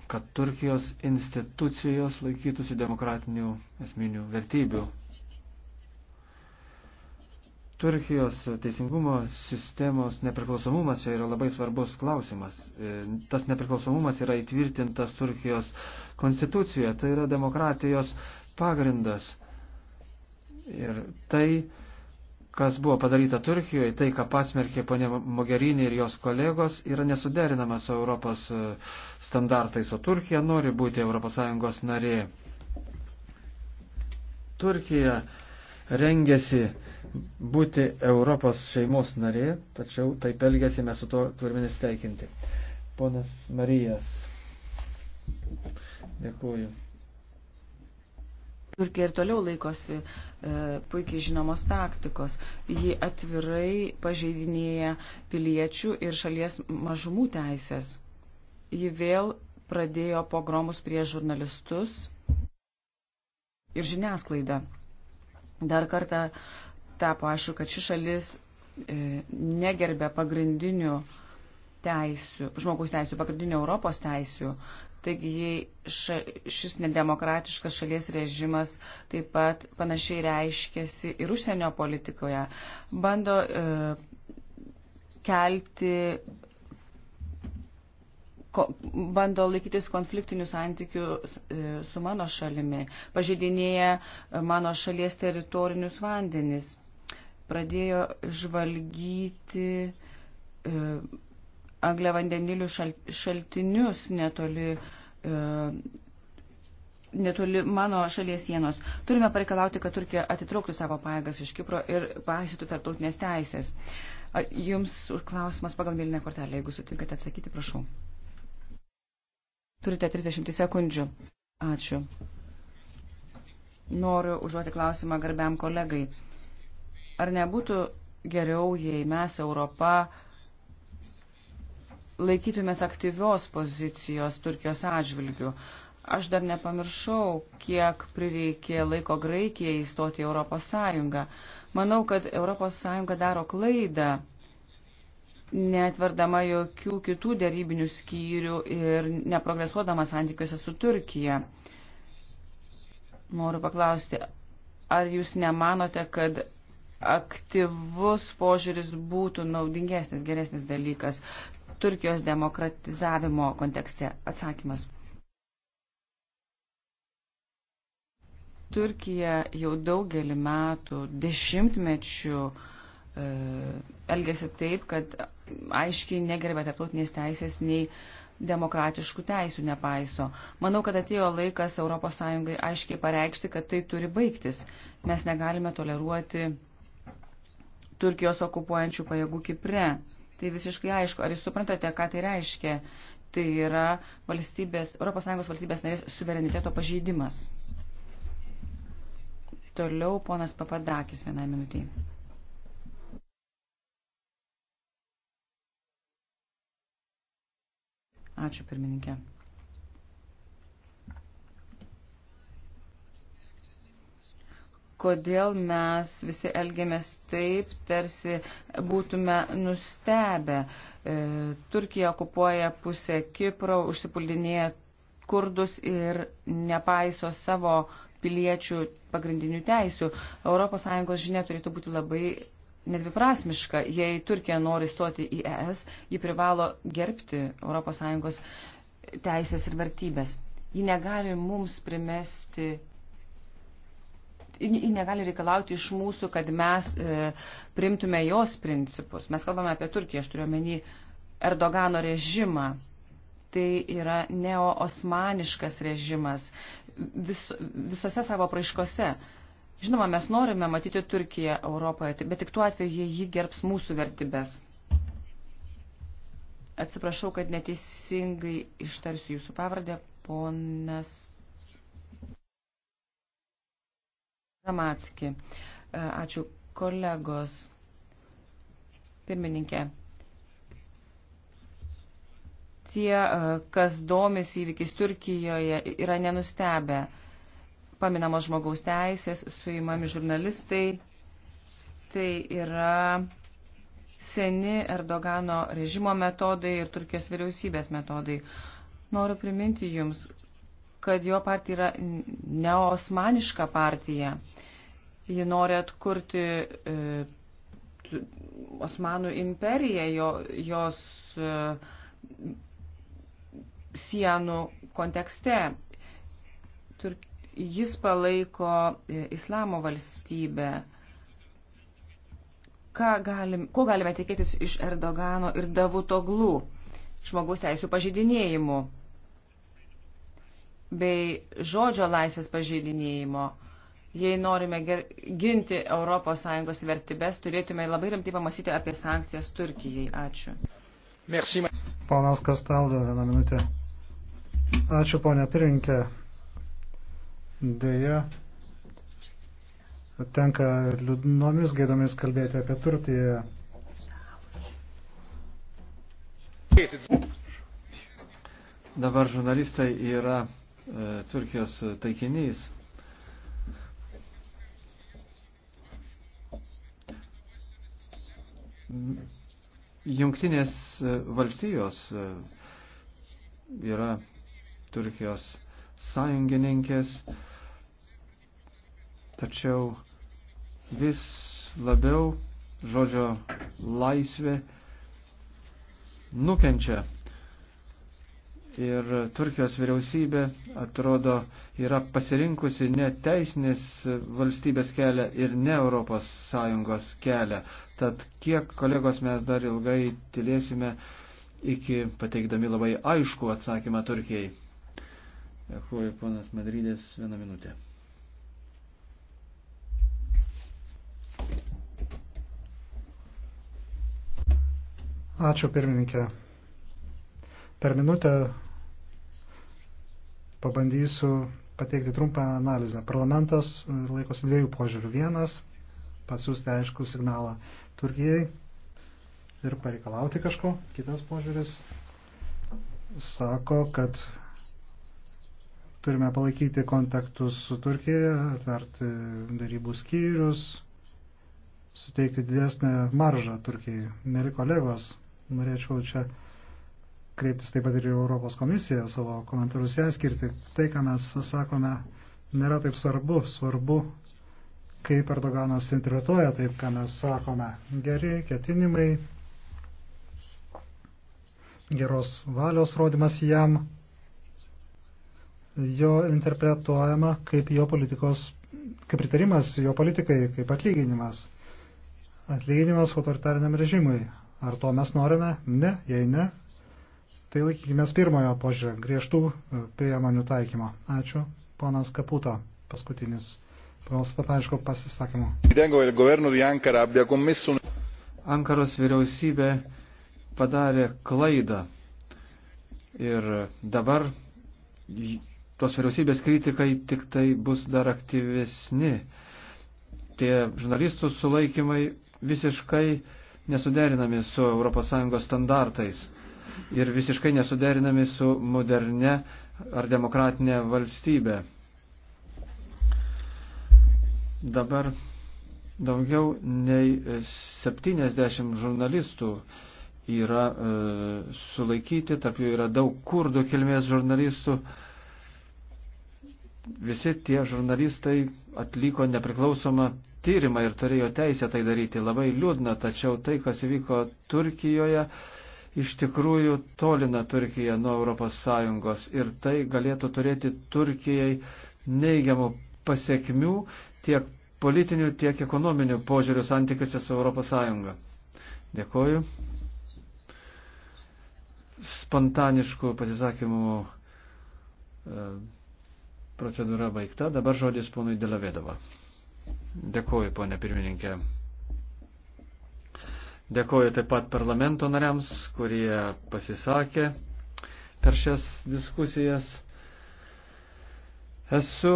kad Turkijos institucijos laikytųsi demokratinių esminių vertybių. Turkijos teisingumo sistemos nepriklausomumas čia yra labai svarbus klausimas. E, tas nepriklausomumas yra įtvirtintas Turkijos konstitucijoje, tai yra demokratijos pagrindas. Ir tai, kas buvo padaryta Turkijoje, tai, ką pasmerkė ponė Mogherini ir jos kolegos, yra nesuderinama su Europos e, standartais, o Turkija nori būti ES narė. Turkija rengiasi būti Europos šeimos narė, tačiau taip elgesi mes su to turime nesteikinti. Ponas Marijas. Dėkuoju. Turkija ir toliau laikosi e, puikiai žinomos taktikos. Ji atvirai pažeidinėja piliečių ir šalies mažumų teisės. Ji vėl pradėjo pogromus prie žurnalistus ir žiniasklaidą. Dar kartą tapo aišku, kad ši šalis e, negerbė pagrindinių teisių, žmogaus teisių, pagrindinių Europos teisių. Taigi ša, šis nedemokratiškas šalies režimas taip pat panašiai reiškėsi ir užsienio politikoje. Bando e, kelti, ko, bando laikytis konfliktinių santykių e, su mano šalimi, pažeidinėja mano šalies teritorinius vandenis, pradėjo žvalgyti e, angliavandenilių šaltinius netoli, e, netoli mano šalies sienos. Turime pareikalauti, kad Turkija atitrauktų savo pajėgas iš Kipro ir paaisytų tarptautinės teisės. Jums klausimas pagal mėlynę kortelę, jeigu sutinkate atsakyti, prašau. Turite 30 sekundžių. Ačiū. Noriu užduoti klausimą garbiam kolegai Ar nebūtų geriau, jei mes Europą laikytumės aktyvios pozicijos Turkijos atžvilgių? Aš dar nepamiršau, kiek prireikė laiko Graikijai įstoti į Europos Sąjungą. Manau, kad Europos Sąjunga daro klaidą, netverdama jokių kitų dėrybinių skyrių ir neprogresuodama santykiuose su Turkija. Noriu paklausti, ar jūs nemanote, kad aktyvus požiūris būtų naudingesnis, geresnis dalykas Turkijos demokratizavimo kontekste? Atsakymas. Turkija jau daugelį metų, dešimtmečių e, elgesi taip, kad aiškiai negerbė tarptautinės teisės nei demokratiškų teisų nepaiso. Manau, kad atėjo laikas ES aiškiai pareikšti, kad tai turi baigtis. Mes negalime toleruoti Turkijos okupuojančių pajėgų Kipre. Tai visiškai aišku. Ar jūs suprantate, ką tai reiškia? Tai yra valstybės, ES valstybės narės suvereniteto pažeidimas. Toliau ponas Papadakis vienai minutiai. Ačiū pirmininkė. kodėl mes visi elgiamės taip, tarsi būtume nustebę. E, Turkija okupuoja pusę Kipro, užsipuldinėja kurdus ir nepaiso savo piliečių pagrindinių teisių. ES žinia turėtų būti labai nedviprasmiška. Jei Turkija nori stoti į ES, ji privalo gerbti ES teisės ir vertybės. Ji negali mums primesti ji negali reikalauti iš mūsų, kad mes e, primtume jos principus. Mes kalbame apie Turkiją, aš turiu omeny Erdogano režimą. Tai yra neo-osmaniškas režimas vis, visose savo praiškose. Žinoma, mes norime matyti Turkiją Europoje, bet tik tuo atveju ji gerbs mūsų vertybės. Atsiprašau, kad neteisingai ištarsiu jūsų pavardę, ponas Namatski. E, ačiū kolegos. Pirmininkė. Tie, e, kas domis įvykis Turkijoje, yra nenustebę. Paminamos žmogaus teisės, suimami žurnalistai. Tai yra seni Erdogano režimo metodai ir Turkijos vyriausybės metodai. Noriu priminti Jums, kad jo partija yra neosmaniška partija. Ji nori atkurti e, Osmanų imperiją, jo, jos e, sienų kontekste. Tur, jis palaiko e, islamo valstybę. Ką galim, ko galime tikėtis iš Erdogano ir Davutoglų žmogaus teisų pažydinėjimų? bei žodžio laisvės pažeidinėjimo. Jei norime ger, ginti ES vertybės, turėtume labai rimtai pamastyti apie sankcijas Turkijai. Ačiū. Merci. Ponas Kastaldo, vieną minutę. Ačiū, ponė Pirinkė. Deja, tenka liūdnomis gaidomis kalbėti apie Turkiją. Dabar žurnalistai yra E, Turkijos taikinys. Jungtinės valstijos e, yra Turkijos sąjungininkės, tačiau vis labiau žodžio laisvė nukenčia ir Turkijos vyriausybė atrodo yra pasirinkusi ne teisinės valstybės kelią ir ne Europos Sąjungos kelią. Tad kiek kolegos mes dar ilgai tylėsime iki pateikdami labai aišku atsakymą Turkijai. Dėkuoju, ponas Madrydės, vieną minutę. Ačiū pirmininkė. Per minutę Pabandysiu pateikti trumpą analizę. Parlamentas e, laikosi dviejų požiūrių. Vienas - pasiūsti aišku signalą Turkijai ir pareikalauti kažko. Kitas požiūris sako, kad turime palaikyti kontaktus su Turkija, atverti darybų skyrius, suteikti didesnę maržą Turkijai. Meri kolegos, norėčiau čia kreiptis taip pat ir į Europos komisiją, savo komentarus ją skirti. Tai, ką mes sakome, nėra taip svarbu. Svarbu, kaip Erdoganas interpretuoja taip, ką mes sakome. Geri ketinimai, geros valios rodimas jam, jo interpretuojama kaip jo politikos, kaip pritarimas jo politikai, kaip atlyginimas. Atlyginimas autoritariniam režimui. Ar to mes norime? Ne, jei ne, Tai laikykime pirmojo požiūrio, griežtų e, priemonių taikymo. Ačiū. Ponas Kaputo, paskutinis. Ponas Pataiško pasisakymo. Ankaros vyriausybė padarė klaidą. Ir dabar tos vyriausybės kritikai tik tai bus dar aktyvesni. Tie žurnalistų sulaikymai visiškai nesuderinami su ES standartais ir visiškai nesuderinami su moderne ar demokratinė valstybė. Dabar daugiau nei 70 žurnalistų yra e, sulaikyti, tarp jų yra daug kurdų kilmės žurnalistų. Visi tie žurnalistai atliko nepriklausomą tyrimą ir turėjo teisę tai daryti. Labai liūdna, tačiau tai, kas įvyko Turkijoje, e, iš tikrųjų tolina Turkiją nuo ES ir tai galėtų turėti Turkijai neigiamų pasiekmių tiek politinių, tiek ekonominių požiūrių santykiuose su ES. Dėkoju. Spontaniškų pasisakymų e, procedūra baigta. Dabar žodis ponui Delavedova. Dėkoju, ponė pirmininkė. Dėkoju taip pat parlamento nariams, kurie pasisakė per šias diskusijas. Esu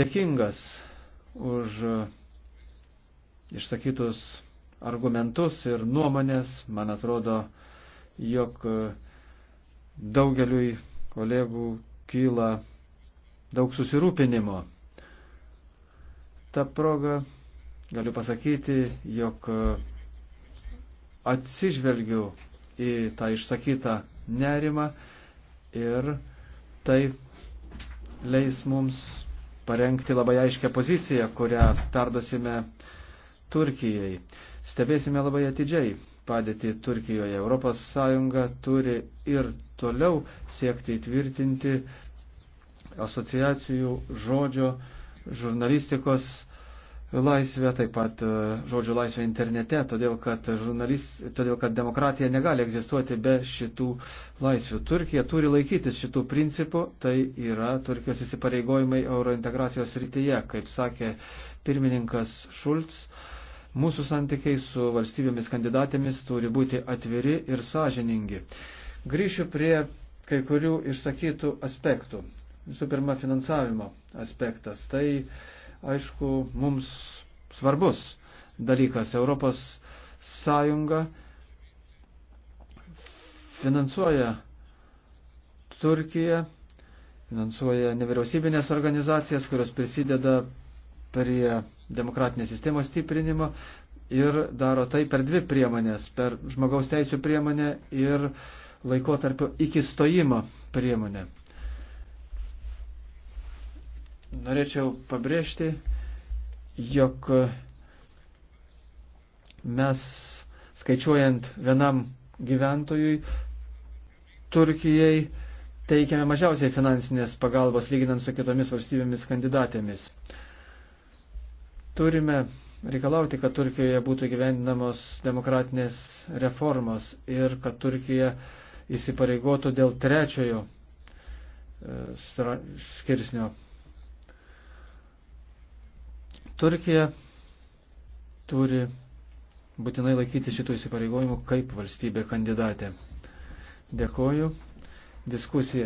dėkingas už išsakytus argumentus ir nuomonės. Man atrodo, jog daugeliui kolegų kyla daug susirūpinimo. Ta proga galiu pasakyti, jog atsižvelgiu į tą išsakytą nerimą ir tai leis mums parengti labai aiškę poziciją, kurią perdosime Turkijai. Stebėsime labai atidžiai padėti Turkijoje. ES turi ir toliau siekti įtvirtinti asociacijų žodžio žurnalistikos laisvę, taip pat e, žodžio laisvę internete, todėl kad, žurnalist, todėl kad demokratija negali egzistuoti be šitų laisvių. Turkija turi laikytis šitų principų, tai yra Turkijos įsipareigojimai eurointegracijos rytyje, kaip sakė pirmininkas Šulc. Mūsų santykiai su valstybėmis kandidatėmis turi būti atviri ir sąžiningi. Grįšiu prie kai kurių išsakytų aspektų. Visų pirma, finansavimo aspektas. Tai aišku, mums svarbus dalykas. Europos Sąjunga finansuoja Turkiją, finansuoja nevyriausybinės organizacijas, kurios prisideda prie demokratinės sistemos stiprinimo ir daro tai per dvi priemonės - per žmogaus teisų priemonę ir laikotarpio iki stojimo priemonę norėčiau pabrėžti, jog mes skaičiuojant vienam gyventojui Turkijai teikiame mažiausiai finansinės pagalbos lyginant su kitomis valstybėmis kandidatėmis. Turime reikalauti, kad Turkijoje būtų gyvendinamos demokratinės reformos ir kad Turkija įsipareigotų dėl trečiojo e, skirsnio Turkija turi būtinai laikyti šitų įsipareigojimų kaip valstybė kandidatė. Dėkoju. Diskusija